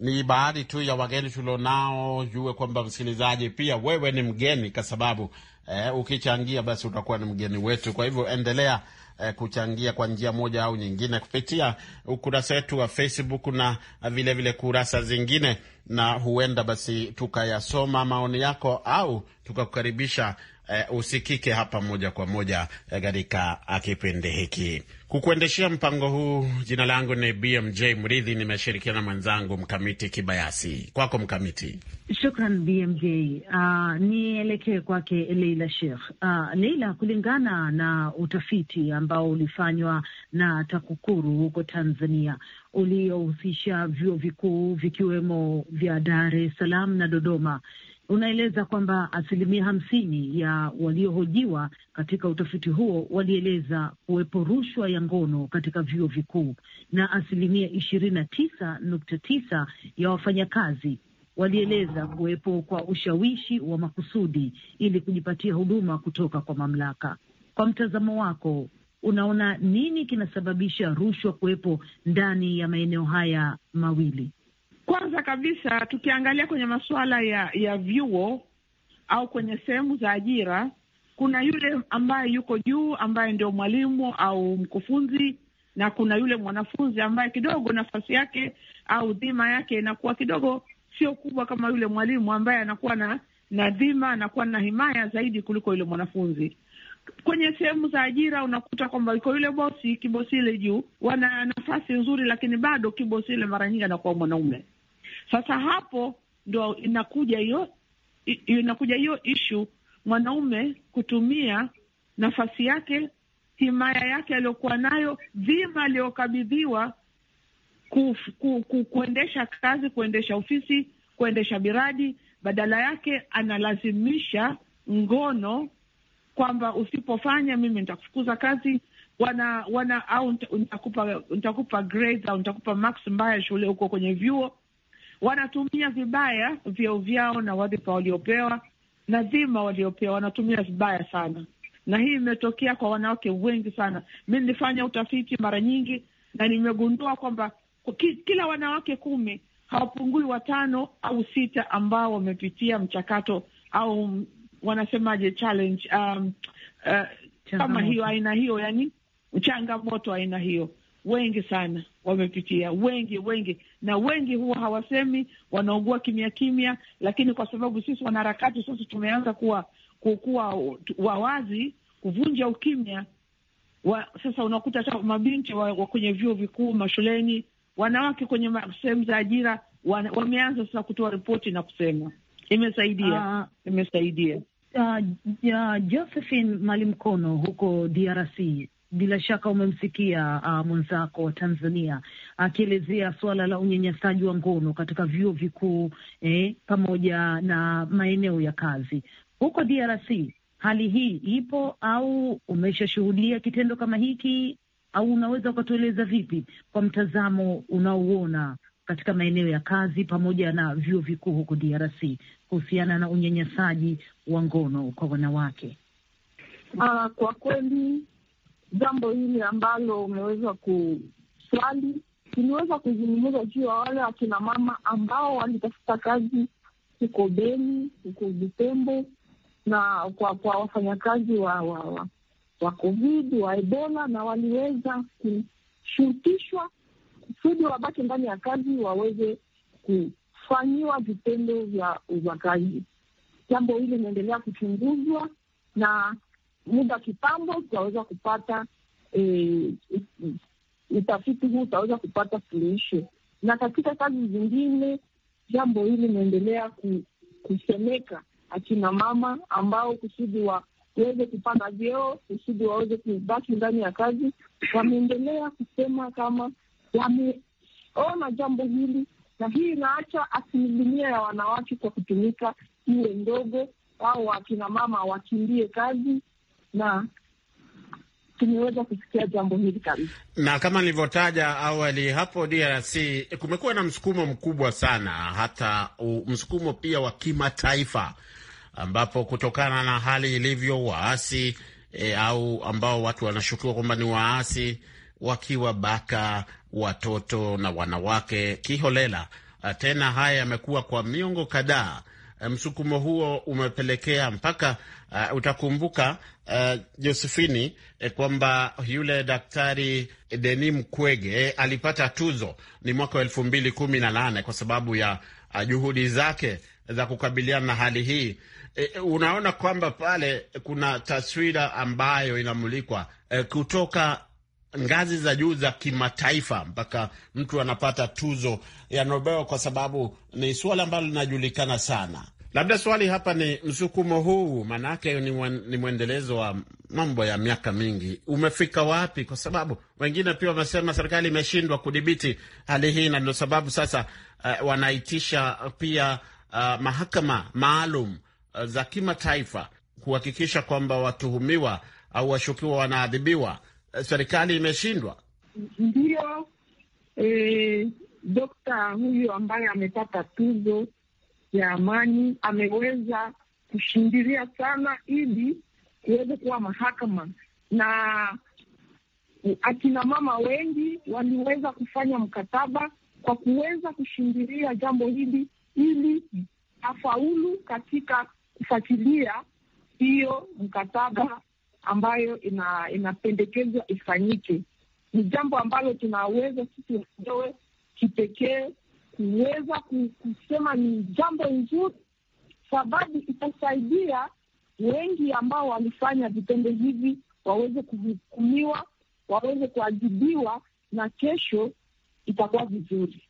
Ni baadhi tu ya wageni tulionao. Jue kwamba msikilizaji, pia wewe ni mgeni kwa sababu eh, ukichangia basi utakuwa ni mgeni wetu. Kwa hivyo endelea eh, kuchangia kwa njia moja au nyingine kupitia ukurasa wetu wa Facebook na vilevile vile kurasa zingine, na huenda basi tukayasoma maoni yako au tukakukaribisha uh, usikike hapa moja kwa moja eh, katika uh, kipindi hiki. Kukuendeshea mpango huu, jina langu ni BMJ Mridhi, nimeshirikiana na mwenzangu Mkamiti Kibayasi. Kwako Mkamiti. Shukran BMJ. Uh, ah, nielekee kwake Leila Sheikh. Uh, Leila, kulingana na utafiti ambao ulifanywa na TAKUKURU huko Tanzania uliohusisha vyuo vikuu vikiwemo vya Dar es Salaam na Dodoma unaeleza kwamba asilimia hamsini ya waliohojiwa katika utafiti huo walieleza kuwepo rushwa ya ngono katika vyuo vikuu na asilimia ishirini na tisa nukta tisa ya wafanyakazi walieleza kuwepo kwa ushawishi wa makusudi ili kujipatia huduma kutoka kwa mamlaka. Kwa mtazamo wako, unaona nini kinasababisha rushwa kuwepo ndani ya maeneo haya mawili? Kwanza kabisa tukiangalia kwenye masuala ya ya vyuo au kwenye sehemu za ajira, kuna yule ambaye yuko juu ambaye ndio mwalimu au mkufunzi, na kuna yule mwanafunzi ambaye kidogo nafasi yake au dhima yake inakuwa kidogo sio kubwa kama yule mwalimu ambaye anakuwa na na dhima, anakuwa na himaya zaidi kuliko yule mwanafunzi. Kwenye sehemu za ajira unakuta kwamba iko yule bosi, kibosi ile juu, wana nafasi nzuri, lakini bado kibosi ile mara nyingi anakuwa mwanaume. Sasa hapo ndo inakuja hiyo inakuja hiyo ishu mwanaume kutumia nafasi yake, himaya yake aliyokuwa nayo, dhima aliyokabidhiwa ku, ku, ku, kuendesha kazi, kuendesha ofisi, kuendesha miradi, badala yake analazimisha ngono kwamba usipofanya mimi nitakufukuza kazi wana wana au nitakupa nitakupa grades au nitakupa mbaya shule huko kwenye vyuo wanatumia vibaya vyeo vyao na wadhifa waliopewa na dhima waliopewa, wanatumia vibaya sana, na hii imetokea kwa wanawake wengi sana. Mi nilifanya utafiti mara nyingi na nimegundua kwamba kila wanawake kumi hawapungui watano au sita ambao wamepitia mchakato au wanasemaje, challenge um, uh, kama hiyo aina hiyo, yani changamoto aina hiyo, wengi sana wamepitia, wengi wengi, na wengi huwa hawasemi, wanaugua kimya kimya, lakini kwa sababu sisi wanaharakati sasa tumeanza kuwa kuwa wawazi, kuvunja ukimya wa, sasa unakuta hata mabinti wa, wa kwenye vyuo vikuu, mashuleni, wanawake kwenye sehemu za ajira wameanza sasa kutoa ripoti na kusema imesaidia, uh, imesaidia. Uh, uh, Josephine Malimkono huko DRC bila shaka umemsikia uh, mwenzako wa Tanzania akielezea suala la unyanyasaji wa ngono katika vyuo vikuu eh, pamoja na maeneo ya kazi huko DRC. Hali hii ipo au umeshashuhudia kitendo kama hiki, au unaweza ukatueleza vipi kwa mtazamo unaouona katika maeneo ya kazi pamoja na vyuo vikuu huko DRC kuhusiana na unyanyasaji wa ngono kwa wanawake? Uh, kwa kweli jambo hili ambalo umeweza kuswali, tuliweza kuzungumza juu ya wale wakina mama ambao walitafuta kazi huko Beni, huko Butembo na kwa kwa wafanyakazi wa, wa, wa, wa COVID wa Ebola, na waliweza kushurutishwa kusudi wabaki ndani ya kazi waweze kufanyiwa vitendo vya ubakaji. Jambo hili linaendelea kuchunguzwa na muda kitambo, tutaweza kupata e, utafiti huu utaweza kupata suluhisho. Na katika kazi zingine, jambo hili linaendelea kusemeka akina mama ambao kusudi waweze kupanda vyeo, kusudi waweze kubaki ndani ya kazi, wameendelea kusema kama wameona jambo hili, na hii inaacha asilimia ya wanawake kwa kutumika iwe ndogo, au akina mama wakimbie kazi na tumeweza jambo hili kabisa. Na kama nilivyotaja awali hapo, DRC eh, kumekuwa na msukumo mkubwa sana, hata msukumo pia wa kimataifa, ambapo kutokana na hali ilivyo waasi e, au ambao watu wanashukiwa kwamba ni waasi wakiwa baka watoto na wanawake kiholela. Eh, tena haya yamekuwa kwa miongo kadhaa. Msukumo huo umepelekea mpaka Uh, utakumbuka uh, Josephini eh, kwamba yule daktari Deni Mkwege eh, alipata tuzo ni mwaka wa elfu mbili kumi na nane kwa sababu ya uh, juhudi zake za kukabiliana na hali hii. Eh, unaona kwamba pale kuna taswira ambayo inamulikwa eh, kutoka ngazi za juu za kimataifa mpaka mtu anapata tuzo ya Nobel kwa sababu ni suala ambalo linajulikana sana. Labda swali hapa ni msukumo huu, maanake ni mwendelezo wa mambo ya miaka mingi, umefika wapi? Kwa sababu wengine pia wamesema serikali imeshindwa kudhibiti hali hii, na ndio sababu sasa uh, wanaitisha pia uh, mahakama maalum uh, za kimataifa kuhakikisha kwamba watuhumiwa au washukiwa wanaadhibiwa. Uh, serikali imeshindwa ndio. E, dokta huyu ambaye amepata tuzo ya amani ameweza kushindilia sana ili kuweze kuwa mahakama na akina mama wengi waliweza kufanya mkataba kwa kuweza kushindilia jambo hili ili afaulu katika kufuatilia hiyo mkataba ambayo ina, inapendekezwa ifanyike. Ni jambo ambalo tunaweza sisi wenyewe kipekee kuweza kusema ni jambo nzuri, sababu itasaidia wengi ambao walifanya vitendo hivi waweze kuhukumiwa, waweze kuadhibiwa, na kesho itakuwa vizuri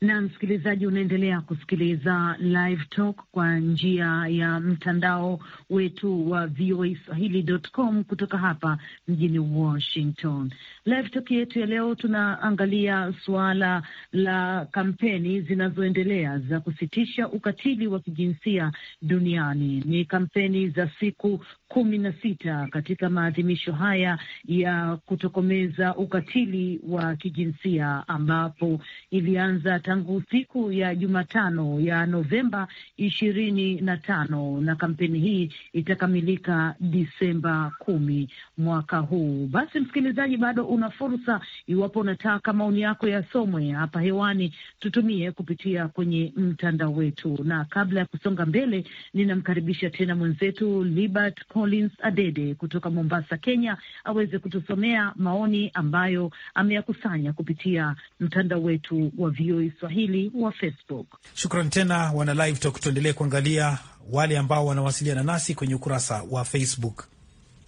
na msikilizaji, unaendelea kusikiliza Live Talk kwa njia ya mtandao wetu wa voaswahili.com kutoka hapa mjini Washington. Live Talk yetu ya leo tunaangalia suala la kampeni zinazoendelea za kusitisha ukatili wa kijinsia duniani. Ni kampeni za siku kumi na sita katika maadhimisho haya ya kutokomeza ukatili wa kijinsia ambapo ilianza kwanza tangu siku ya Jumatano ya Novemba ishirini na tano na kampeni hii itakamilika Disemba kumi mwaka huu. Basi msikilizaji, bado una fursa iwapo unataka maoni yako yasomwe hapa hewani, tutumie kupitia kwenye mtandao wetu. Na kabla ya kusonga mbele, ninamkaribisha tena mwenzetu Libert Collins Adede kutoka Mombasa, Kenya, aweze kutusomea maoni ambayo ameyakusanya kupitia mtandao wetu wa VOA Swahili wa Facebook. Shukran tena wana Live Talk, tuendelee kuangalia wale ambao wanawasiliana nasi kwenye ukurasa wa Facebook.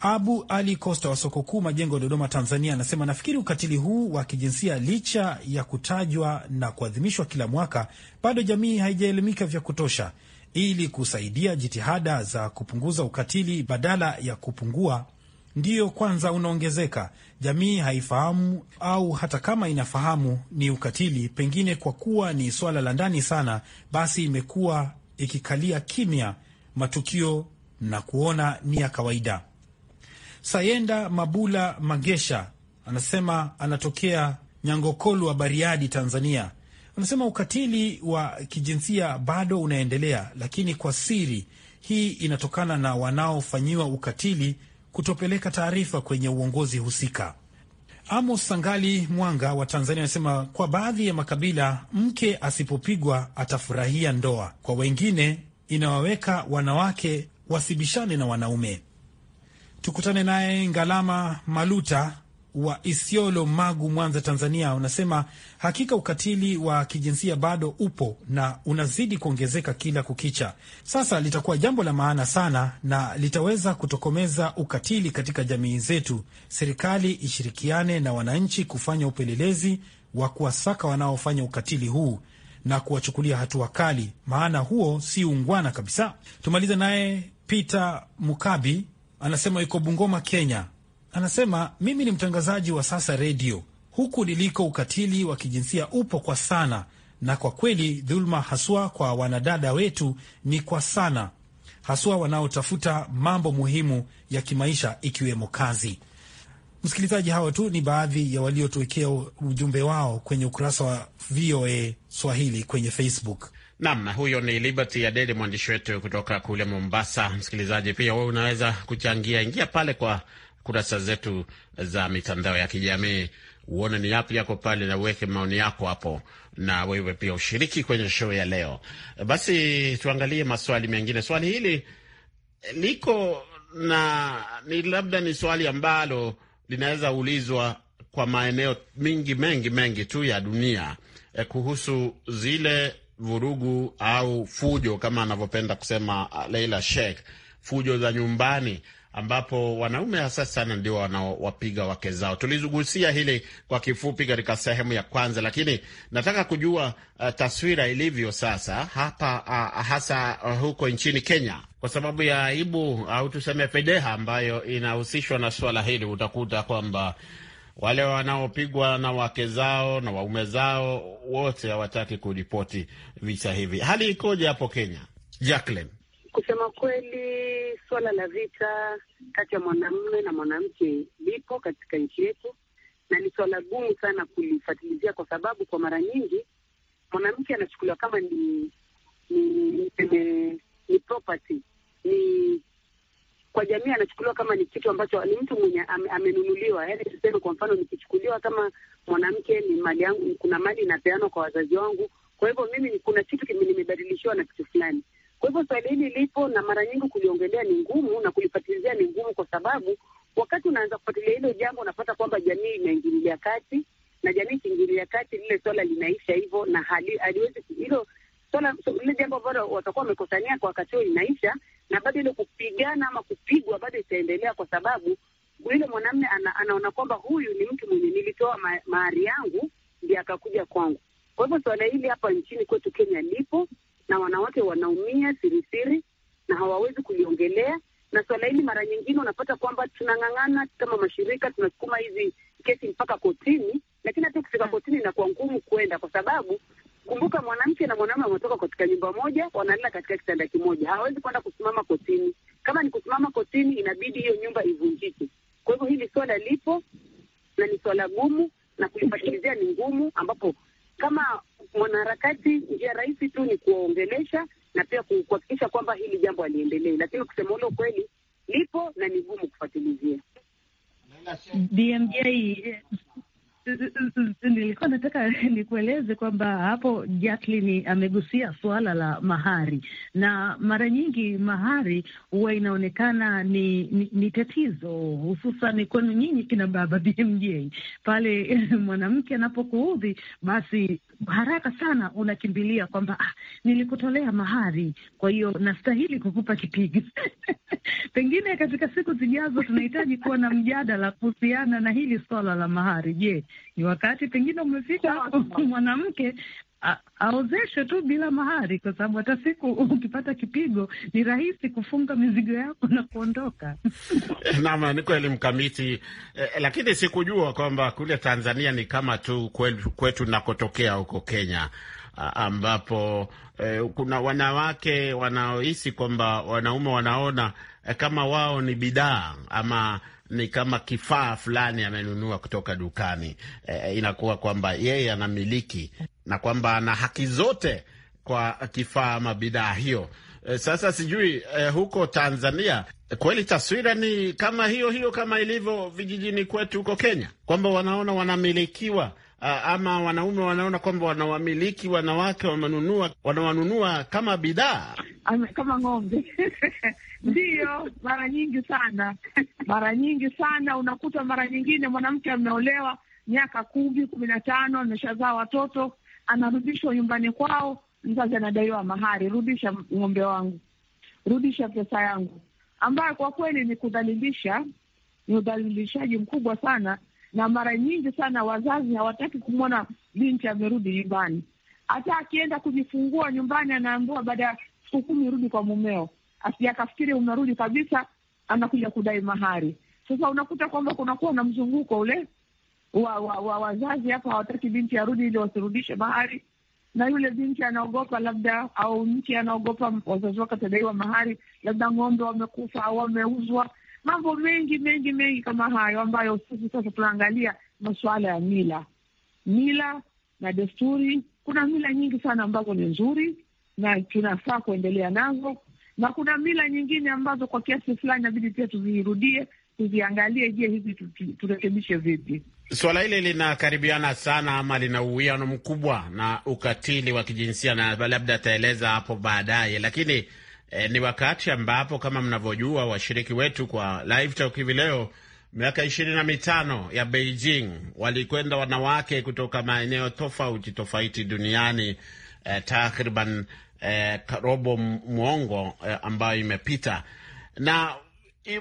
Abu Ali Costa wa soko kuu Majengo, Dodoma, Tanzania, anasema nafikiri ukatili huu wa kijinsia licha ya kutajwa na kuadhimishwa kila mwaka, bado jamii haijaelimika vya kutosha ili kusaidia jitihada za kupunguza ukatili badala ya kupungua ndiyo kwanza unaongezeka. Jamii haifahamu au hata kama inafahamu ni ukatili, pengine kwa kuwa ni swala la ndani sana, basi imekuwa ikikalia kimya matukio na kuona ni ya kawaida. Sayenda Mabula Magesha anasema anatokea Nyangokolu wa Bariadi, Tanzania. Anasema ukatili wa kijinsia bado unaendelea, lakini kwa siri. Hii inatokana na wanaofanyiwa ukatili kutopeleka taarifa kwenye uongozi husika. Amos Sangali Mwanga wa Tanzania anasema kwa baadhi ya makabila mke asipopigwa atafurahia ndoa, kwa wengine inawaweka wanawake wasibishane na wanaume. Tukutane naye Ngalama Maluta wa Isiolo, Magu, Mwanza, Tanzania, unasema hakika ukatili wa kijinsia bado upo na unazidi kuongezeka kila kukicha. Sasa litakuwa jambo la maana sana na litaweza kutokomeza ukatili katika jamii zetu. Serikali ishirikiane na wananchi kufanya upelelezi wa kuwasaka wanaofanya ukatili huu na kuwachukulia hatua kali, maana huo si ungwana kabisa. Tumalize naye Peter Mukabi, anasema yuko Bungoma, Kenya. Anasema, mimi ni mtangazaji wa sasa redio, huku niliko ukatili wa kijinsia upo kwa sana, na kwa kweli dhuluma haswa kwa wanadada wetu ni kwa sana, haswa wanaotafuta mambo muhimu ya kimaisha ikiwemo kazi. Msikilizaji, hawa tu ni baadhi ya waliotuwekea ujumbe wao kwenye ukurasa wa VOA Swahili kwenye Facebook. Nam, huyo ni Liberty Adede, mwandishi wetu kutoka kule Mombasa. Msikilizaji, pia wewe unaweza kuchangia, ingia pale kwa kurasa zetu za mitandao ya kijamii uone ni yapi yako pale na uweke maoni yako hapo, na wewe pia ushiriki kwenye show ya leo. Basi tuangalie maswali mengine. Swali hili liko na ni labda ni swali ambalo linaweza ulizwa kwa maeneo mengi mengi mengi tu ya dunia eh, kuhusu zile vurugu au fujo kama anavyopenda kusema Leila Sheikh, fujo za nyumbani ambapo wanaume hasa sana ndio wanawapiga wake zao. tulizugusia hili kwa kifupi katika sehemu ya kwanza, lakini nataka kujua uh, taswira ilivyo sasa hapa uh, hasa uh, huko nchini Kenya kwa sababu ya aibu au tuseme fedheha ambayo inahusishwa na suala hili. Utakuta kwamba wale wanaopigwa na wake zao na waume zao wote hawataki kuripoti visa hivi. Hali ikoje hapo Kenya, Jacqueline? Kusema kweli, suala la vita kati ya mwanamume na mwanamke lipo katika nchi yetu, na ni suala gumu sana kulifatilizia, kwa sababu kwa mara nyingi mwanamke anachukuliwa kama ni ni, ni, ni property, ni kwa jamii anachukuliwa kama ni kitu ambacho ni mtu mwenye am, amenunuliwa. Yaani tuseme kwa mfano, nikichukuliwa kama mwanamke ni mali yangu, kuna mali inapeanwa kwa wazazi wangu, kwa hivyo mimi kuna kitu nimebadilishiwa na kitu fulani kwa hivyo swali hili lipo na mara nyingi kuliongelea ni ngumu na kulifatilizia ni ngumu, kwa sababu wakati unaanza kufuatilia hilo jambo unapata kwamba jamii inaingililia kati, na jamii ikiingilia kati lile swala linaisha hivyo, na hali haliwezi hilo swala so, lile jambo ambalo watakuwa wamekosania kwa wakati huo inaisha, na bado ile kupigana ama kupigwa bado itaendelea, kwa sababu yule mwanamume ana, anaona kwamba huyu ni mtu mwenye nilitoa mahari yangu ndiye akakuja kwangu. Kwa hivyo swala hili hapa nchini kwetu Kenya lipo na wanawake wanaumia sirisiri na hawawezi kuliongelea. Na swala hili mara nyingine unapata kwamba tunang'ang'ana kama mashirika, tunasukuma hizi kesi mpaka kotini, lakini hata ukifika kotini inakuwa ngumu kwenda, kwa sababu kumbuka, mwanamke na mwanaume wametoka katika nyumba moja, wanalala katika kitanda kimoja, hawawezi kwenda kusimama kotini. Kama ni kusimama kotini, inabidi hiyo nyumba ivunjike. Kwa hivyo hili swala lipo na ni swala gumu na kulifatilizia ni ngumu, ambapo kama mwanaharakati, njia rahisi tu ni kuwaongelesha na pia kuhakikisha kwamba hili jambo aliendelei lakini kusema ule ukweli lipo na ni gumu kufatilizia. Eh, nilikuwa nataka nikueleze kwamba hapo Jacqueline amegusia suala la mahari, na mara nyingi mahari huwa inaonekana ni, ni, ni tatizo hususan kwenu nyinyi kina baba (laughs) BMJ pale (laughs) mwanamke anapokuudhi basi haraka sana unakimbilia kwamba ah, nilikutolea mahari, kwa hiyo nastahili kukupa kipigo. (laughs) Pengine katika siku zijazo tunahitaji kuwa na mjadala kuhusiana na hili swala la mahari. Je, ni wakati pengine umefika (laughs) mwanamke aozeshwe tu bila mahari, kwa sababu hata siku (laughs) ukipata kipigo ni rahisi kufunga mizigo yako na kuondoka. (laughs) Naam, ni kweli mkamiti eh, lakini sikujua kwamba kule Tanzania ni kama tu kwetu, kwetu nakotokea huko Kenya ambapo eh, kuna wanawake wanaohisi kwamba wanaume wanaona eh, kama wao ni bidhaa ama ni kama kifaa fulani amenunua kutoka dukani eh, inakuwa kwamba yeye anamiliki na kwamba ana haki zote kwa kifaa ama bidhaa hiyo. E, sasa sijui eh, huko Tanzania kweli taswira ni kama hiyo hiyo kama ilivyo vijijini kwetu huko Kenya, kwamba wanaona wanamilikiwa ama wanaume wanaona kwamba wanawamiliki wanawake, wamenunua wanawanunua kama bidhaa kama ng'ombe. (laughs) Ndiyo, mara nyingi sana, (laughs) mara nyingi sana unakuta, mara nyingine mwanamke ameolewa miaka kumi, kumi na tano, ameshazaa watoto anarudishwa nyumbani kwao, mzazi anadaiwa mahari, rudisha ng'ombe wangu, rudisha pesa yangu, ambayo kwa kweli ni kudhalilisha, ni udhalilishaji mkubwa sana. Na mara nyingi sana wazazi hawataki kumwona binti amerudi nyumbani. Hata akienda kujifungua nyumbani, anaambiwa baada ya siku kumi rudi kwa mumeo, asija akafikiri unarudi kabisa, anakuja kudai mahari. Sasa unakuta kwamba kunakuwa na mzunguko ule wa, wa, wa wazazi hapa hawataki binti arudi ili wasirudishe mahari, na yule binti anaogopa labda, au mke anaogopa wazazi wake atadaiwa mahari, labda ng'ombe wamekufa au wameuzwa, mambo mengi mengi mengi kama hayo, ambayo sisi sasa tunaangalia masuala ya mila, mila na desturi. Kuna mila nyingi sana ambazo ni nzuri na tunafaa kuendelea nazo, na kuna mila nyingine ambazo kwa kiasi fulani inabidi pia tuzirudie, tuziangalie. Je, hizi turekebishe vipi? Suala hili linakaribiana sana ama lina uwiano mkubwa na ukatili wa kijinsia, na labda ataeleza hapo baadaye, lakini eh, ni wakati ambapo kama mnavyojua washiriki wetu kwa live talk hivi leo, miaka ishirini na mitano ya Beijing walikwenda wanawake kutoka maeneo tofauti tofauti duniani eh, takriban eh, robo mwongo eh, ambayo imepita na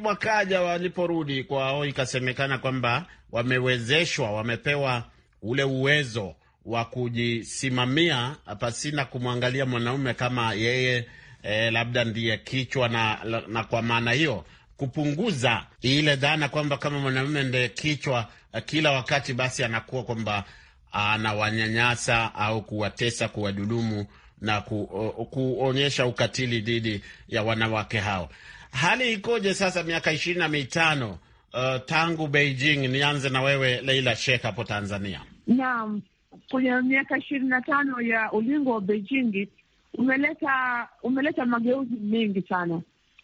mwakaja waliporudi kwao, ikasemekana kwamba wamewezeshwa, wamepewa ule uwezo wa kujisimamia pasina kumwangalia mwanaume kama yeye e, labda ndiye kichwa na, na kwa maana hiyo kupunguza ile dhana kwamba kama mwanaume ndiye kichwa eh, kila wakati, basi anakuwa kwamba anawanyanyasa au kuwatesa, kuwadudumu na ku, kuonyesha ukatili dhidi ya wanawake hao hali ikoje sasa miaka ishirini na mitano uh, tangu Beijing? Nianze na wewe Leila Sheikh hapo Tanzania. Naam, kwenye miaka ishirini na tano ya ulingo wa Beijing umeleta umeleta mageuzi mengi sana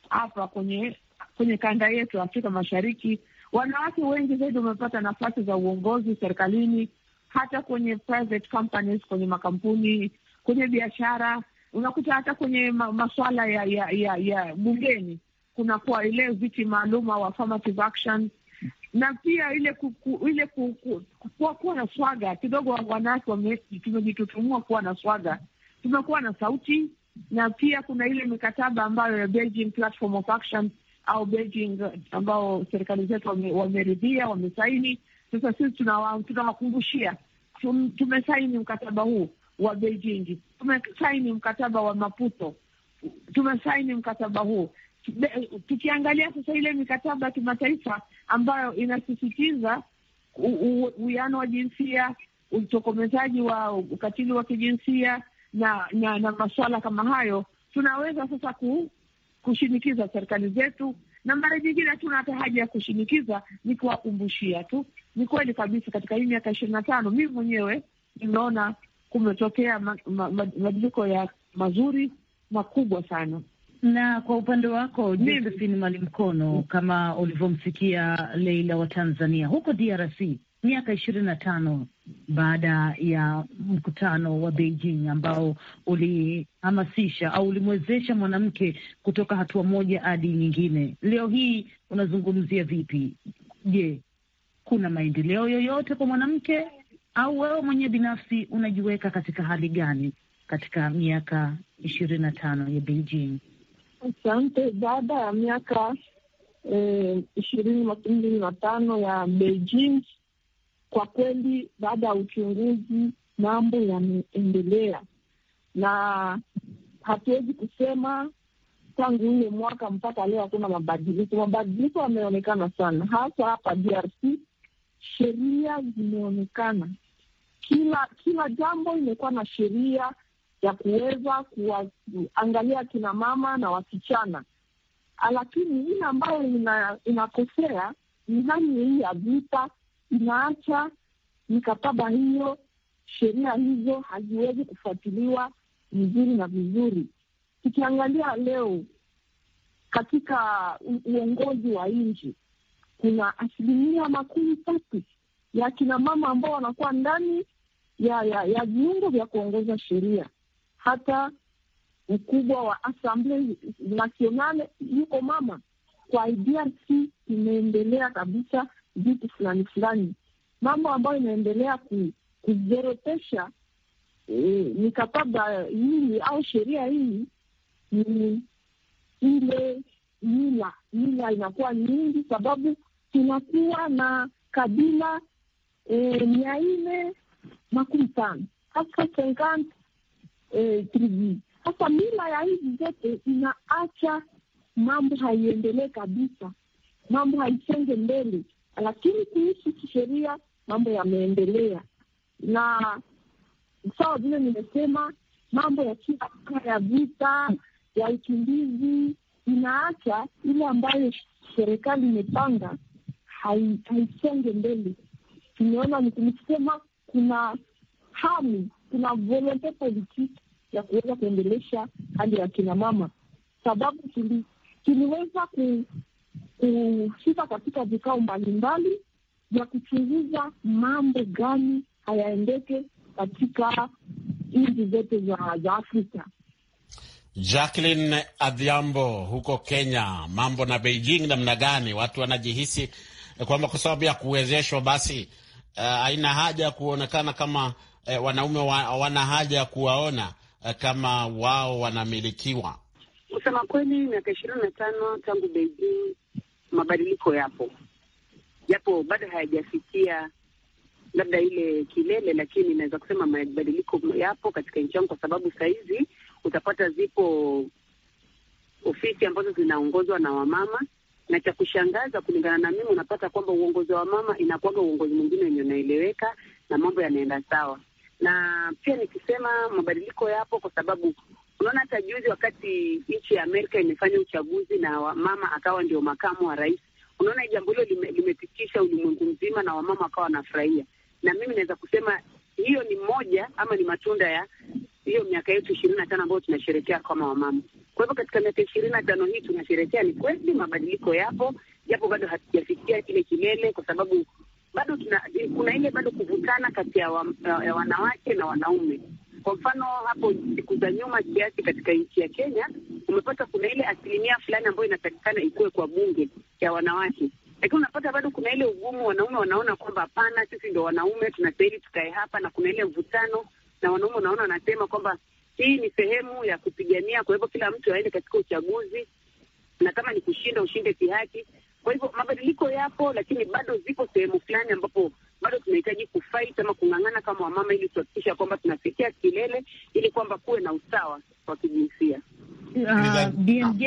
hapa kwenye kwenye kanda yetu Afrika Mashariki. Wanawake wengi zaidi wamepata nafasi za uongozi serikalini, hata kwenye private companies, kwenye makampuni, kwenye biashara, unakuta hata kwenye ma masuala ya ya ya, ya bungeni kunakuwa ile viti maalum au affirmative action na pia ile kuku, ile kuwa kuwa na swaga kidogo. Wanawake tumejitutumua kuwa na swaga, tumekuwa na sauti, na pia kuna ile mikataba ambayo ya Beijing Platform of Action au Beijing uh, ambao serikali zetu wameridhia, wamesaini. Sasa sisi tunawakumbushia, tumesaini mkataba huu wa Beijing, tumesaini mkataba wa Maputo, tumesaini mkataba huu tukiangalia sasa ile mikataba ya kimataifa ambayo inasisitiza uwiano wa jinsia, utokomezaji wa ukatili wa kijinsia na, na, na masuala kama hayo, tunaweza sasa ku, kushinikiza serikali zetu, na mara nyingine hatuna hata haja ya kushinikiza, ni kuwakumbushia tu. Ni kweli kabisa, katika hii miaka ishirini na tano mimi mwenyewe nimeona kumetokea mabadiliko ma, ma, ma, ya mazuri makubwa sana. Na kwa upande wako Josephine Malimkono, kama ulivyomsikia Leila wa Tanzania, huko DRC miaka ishirini na tano baada ya mkutano wa Beijing ambao ulihamasisha au ulimwezesha mwanamke kutoka hatua moja hadi nyingine, leo hii unazungumzia vipi? Je, kuna maendeleo yoyote kwa mwanamke au wewe mwenye binafsi unajiweka katika hali gani katika miaka ishirini na tano ya Beijing? Asante. Baada ya miaka eh, ishirini makumi mbili na tano ya Beijing, kwa kweli, baada ya uchunguzi, mambo yameendelea na hatuwezi kusema tangu ule mwaka mpaka leo hakuna mabadiliko. Mabadiliko yameonekana sana, hasa hapa DRC. Sheria zimeonekana, kila kila jambo imekuwa na sheria ya kuweza kuwaangalia kina mama na wasichana, lakini ile ambayo ina, inakosea ni hali hii ya vita, inaacha mikataba hiyo, sheria hizo haziwezi kufuatiliwa vizuri na vizuri. Tukiangalia leo katika uongozi wa nchi, kuna asilimia makumi tatu ya kina mama ambao wanakuwa ndani ya ya viungo vya kuongoza sheria hata mkubwa wa asamble Nationale yuko mama. Kwa DRC imeendelea kabisa vitu fulani fulani, mambo ambayo inaendelea ku, kuzeropesha e, mikataba hili au sheria hii ni ile mila mila inakuwa nyingi, sababu tunakuwa na kabila eh, mia nne makumi tano hasa senkanti 3D. Eh, Sasa mila ya hizi zote inaacha mambo haiendelee kabisa, mambo haisonge mbele, lakini kuhusu kisheria mambo yameendelea, na sawa vile nimesema, mambo ya kila ya vita ya ukimbizi inaacha ile ambayo serikali imepanga haisonge mbele. Tumeona nikusema kuna hamu kuna volonte politique ya kuweza kuendelesha hali ya kina mama, sababu tuli, tuliweza kufika katika vikao mbalimbali vya kuchunguza mambo gani hayaendeke katika nchi zote za Afrika. Jacqueline Adhiambo, huko Kenya, mambo na Beijing namna gani? Watu wanajihisi kwamba kwa sababu ya kuwezeshwa basi eh, haina uh, haja ya kuonekana kama eh, wanaume wa, wana haja ya kuwaona eh, kama wao wanamilikiwa. Kusema kweli, miaka ishirini na tano tangu Beijing, mabadiliko yapo, japo bado hayajafikia labda ile kilele, lakini inaweza kusema mabadiliko yapo katika nchi yangu, kwa sababu sahizi utapata zipo ofisi ambazo zinaongozwa na wamama, na cha kushangaza kulingana na mimi, unapata kwamba uongozi wa wamama inakuwaga uongozi mwingine wenye unaeleweka na mambo yanaenda sawa na pia nikisema mabadiliko yapo, kwa sababu unaona hata juzi wakati nchi ya Amerika imefanya uchaguzi na wamama akawa ndio makamu wa rais, unaona jambo hilo limepitisha lime ulimwengu mzima na wamama wakawa wanafurahia, na mimi naweza kusema hiyo ni moja ama ni matunda ya hiyo miaka yetu ishirini na tano ambayo tunasherekea kama wamama. Kwa hivyo katika miaka ishirini na tano hii tunasherekea, ni kweli mabadiliko yapo, japo bado hatujafikia kile kilele, kwa sababu bado tuna, kuna ile bado kuvutana kati ya, wa, ya wanawake na wanaume. Kwa mfano hapo siku za nyuma kiasi katika nchi ya Kenya umepata kuna ile asilimia fulani ambayo inatakikana ikuwe kwa bunge ya wanawake, lakini unapata bado kuna ile ugumu. Wanaume wanaona kwamba hapana, sisi ndo wanaume tunastahili tukae hapa, na kuna ile mvutano, na wanaume wanaona wanasema kwamba hii ni sehemu ya kupigania, kwa hivyo kila mtu aende katika uchaguzi, na kama ni kushinda ushinde kihaki. Kwa hivyo mabadiliko yapo, lakini bado zipo sehemu fulani ambapo bado tunahitaji kufight ama kung'ang'ana kama wamama, ili tuhakikisha kwamba tunafikia kilele, ili kwamba kuwe na usawa wa kijinsia. Uh, ah, BMJ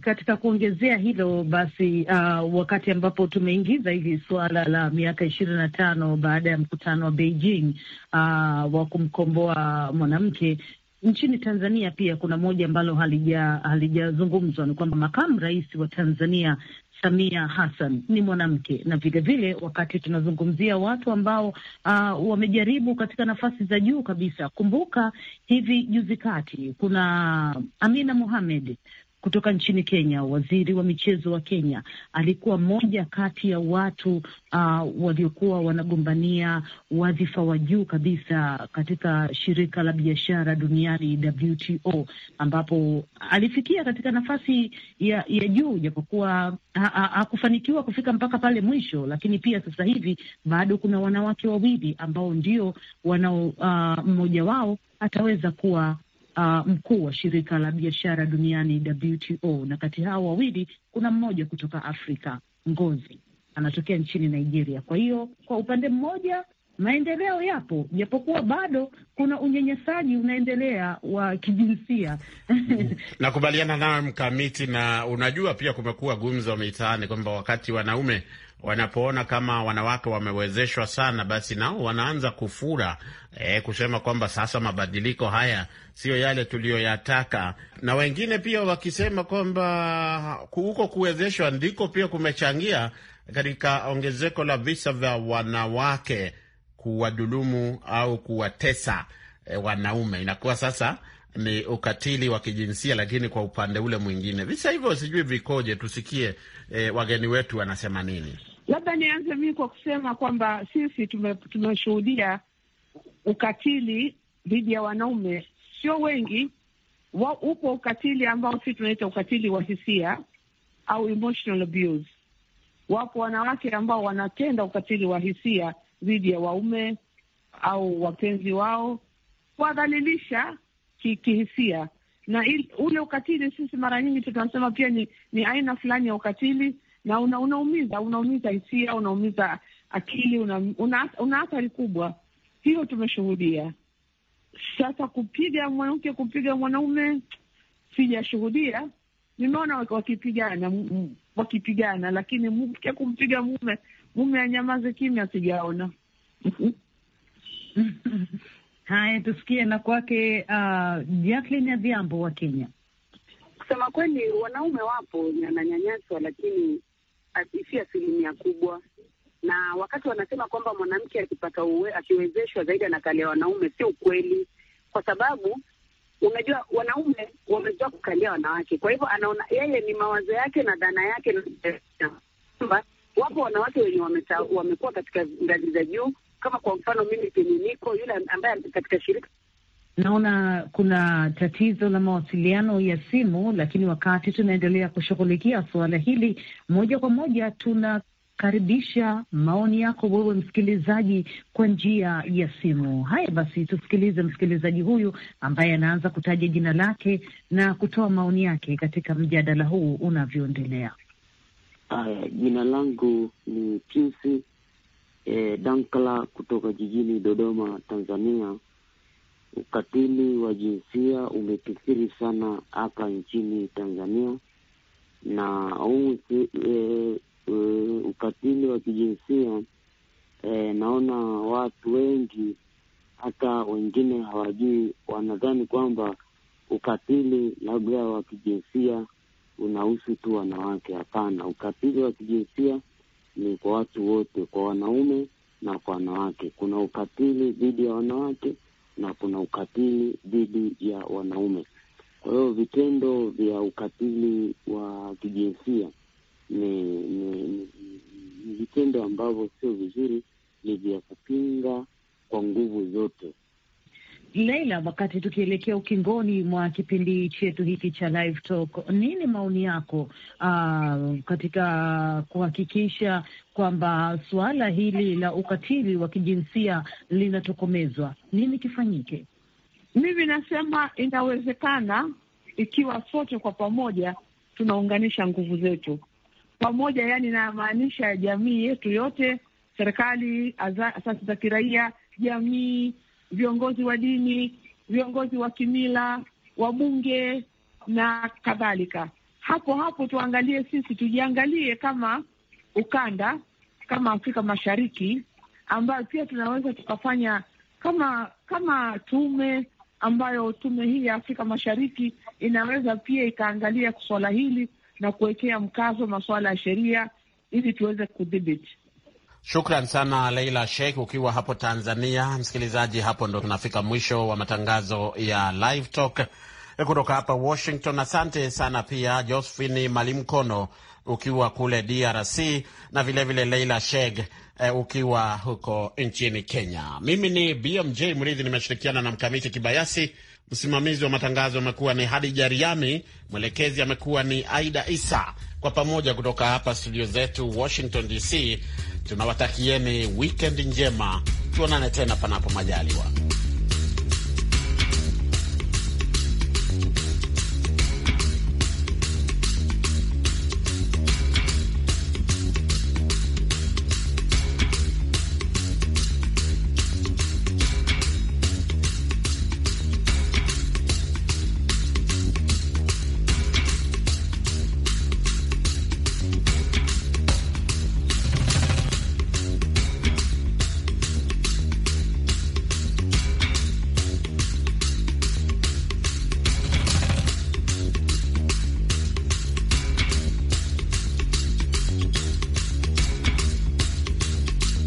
katika kuongezea hilo basi, uh, wakati ambapo tumeingiza hili suala la miaka ishirini na tano baada ya mkutano wa Beijing uh, wa kumkomboa mwanamke nchini Tanzania pia kuna moja ambalo halijazungumzwa halija, ni kwamba makamu rais wa Tanzania Samia Hassan ni mwanamke, na vilevile wakati tunazungumzia watu ambao uh, wamejaribu katika nafasi za juu kabisa. Kumbuka hivi juzi kati kuna Amina Mohamed kutoka nchini Kenya, waziri wa michezo wa Kenya, alikuwa moja kati ya watu uh, waliokuwa wanagombania wadhifa wa juu kabisa katika shirika la biashara duniani WTO, ambapo alifikia katika nafasi ya, ya juu japokuwa hakufanikiwa kufika mpaka pale mwisho, lakini pia sasa hivi bado kuna wanawake wawili ambao ndio wanao uh, mmoja wao ataweza kuwa uh, mkuu wa shirika la biashara duniani WTO, na kati hao wawili kuna mmoja kutoka Afrika, Ngozi anatokea nchini Nigeria. Kwa hiyo kwa upande mmoja Maendeleo yapo japokuwa bado kuna unyenyesaji unaendelea wa kijinsia. (laughs) Nakubaliana nawe Mkamiti, na unajua pia kumekuwa gumzo mitaani kwamba wakati wanaume wanapoona kama wanawake wamewezeshwa sana, basi nao wanaanza kufura eh, kusema kwamba sasa mabadiliko haya siyo yale tuliyoyataka, na wengine pia wakisema kwamba huko kuwezeshwa ndiko pia kumechangia katika ongezeko la visa vya wanawake kuwadhulumu au kuwatesa e, wanaume. Inakuwa sasa ni ukatili wa kijinsia, lakini kwa upande ule mwingine. Visa hivyo sijui vikoje, tusikie e, wageni wetu wanasema nini. Labda nianze mimi kwa kusema kwamba sisi tumeshuhudia ukatili dhidi ya wanaume, sio wengi wa, upo ukatili ambao sisi tunaita ukatili wa hisia au emotional abuse. Wapo wanawake ambao wanatenda ukatili wa hisia dhidi ya waume au wapenzi wao, kuwadhalilisha kihisia na il, ule ukatili sisi mara nyingi tunasema pia ni, ni aina fulani ya ukatili na una, unaumiza unaumiza hisia, unaumiza akili, una, una, una athari kubwa. Hiyo tumeshuhudia. Sasa kupiga mwanamke kumpiga mwanaume sijashuhudia, nimeona wakipigana wakipigana, lakini mke kumpiga mume mume anyamaze kimya, sijaona Haya, tusikie na kwake uh, Jacqueline Adhiambo wa Kenya. Kusema kweli, wanaume wapo wananyanyaswa, lakini si asilimia kubwa, na wakati wanasema kwamba mwanamke akipata uwe, akiwezeshwa zaidi anakalia wanaume, si ukweli, kwa sababu unajua wanaume wamezoea kukalia wanawake. Kwa hivyo anaona yeye ni mawazo yake na dhana yake kwamba Wapo wanawake wenye wamekuwa katika ngazi za juu, kama kwa mfano mimi penye niko yule ambaye katika shirika Naona kuna tatizo la mawasiliano ya simu, lakini wakati tunaendelea kushughulikia suala hili moja kwa moja, tunakaribisha maoni yako wewe msikilizaji kwa njia ya simu. Haya basi, tusikilize msikilizaji huyu ambaye anaanza kutaja jina lake na kutoa maoni yake katika mjadala huu unavyoendelea. Uh, jina langu ni Piusi e, Dankala kutoka jijini Dodoma, Tanzania. Ukatili wa jinsia umekithiri sana hapa nchini Tanzania na huu e, e, ukatili wa kijinsia e, naona watu wengi hata wengine hawajui, wanadhani kwamba ukatili labda wa kijinsia unahusu tu wanawake. Hapana, ukatili wa kijinsia ni kwa watu wote, kwa wanaume na kwa wanawake. Kuna ukatili dhidi ya wanawake na kuna ukatili dhidi ya wanaume. Kwa hiyo vitendo vya ukatili wa kijinsia ni, ni, ni, ni vitendo ambavyo sio vizuri, ni vya kupinga kwa nguvu zote. Leila, wakati tukielekea ukingoni mwa kipindi chetu hiki cha Live Talk, nini maoni yako uh, katika kuhakikisha kwamba suala hili la ukatili wa kijinsia linatokomezwa? Nini kifanyike? Mimi nasema inawezekana ikiwa sote kwa pamoja tunaunganisha nguvu zetu pamoja, yani namaanisha jamii yetu yote, serikali, asasi za kiraia, jamii viongozi wa dini, viongozi wa kimila, wabunge na kadhalika. Hapo hapo tuangalie sisi, tujiangalie kama ukanda, kama Afrika Mashariki, ambayo pia tunaweza tukafanya kama kama tume ambayo tume hii ya Afrika Mashariki inaweza pia ikaangalia swala hili na kuwekea mkazo masuala ya sheria ili tuweze kudhibiti. Shukran sana Leila Sheikh ukiwa hapo Tanzania. Msikilizaji, hapo ndo tunafika mwisho wa matangazo ya Live Talk eh, kutoka hapa Washington. Asante sana pia Josephine Malimkono ukiwa kule DRC na vilevile vile Leila Sheikh E, ukiwa huko nchini Kenya. Mimi ni BMJ Mridhi, nimeshirikiana na Mkamiti Kibayasi. Msimamizi wa matangazo amekuwa ni Hadija Riami, mwelekezi amekuwa ni Aida Isa. Kwa pamoja kutoka hapa studio zetu Washington DC, tunawatakieni wikendi njema, tuonane tena panapo majaliwa.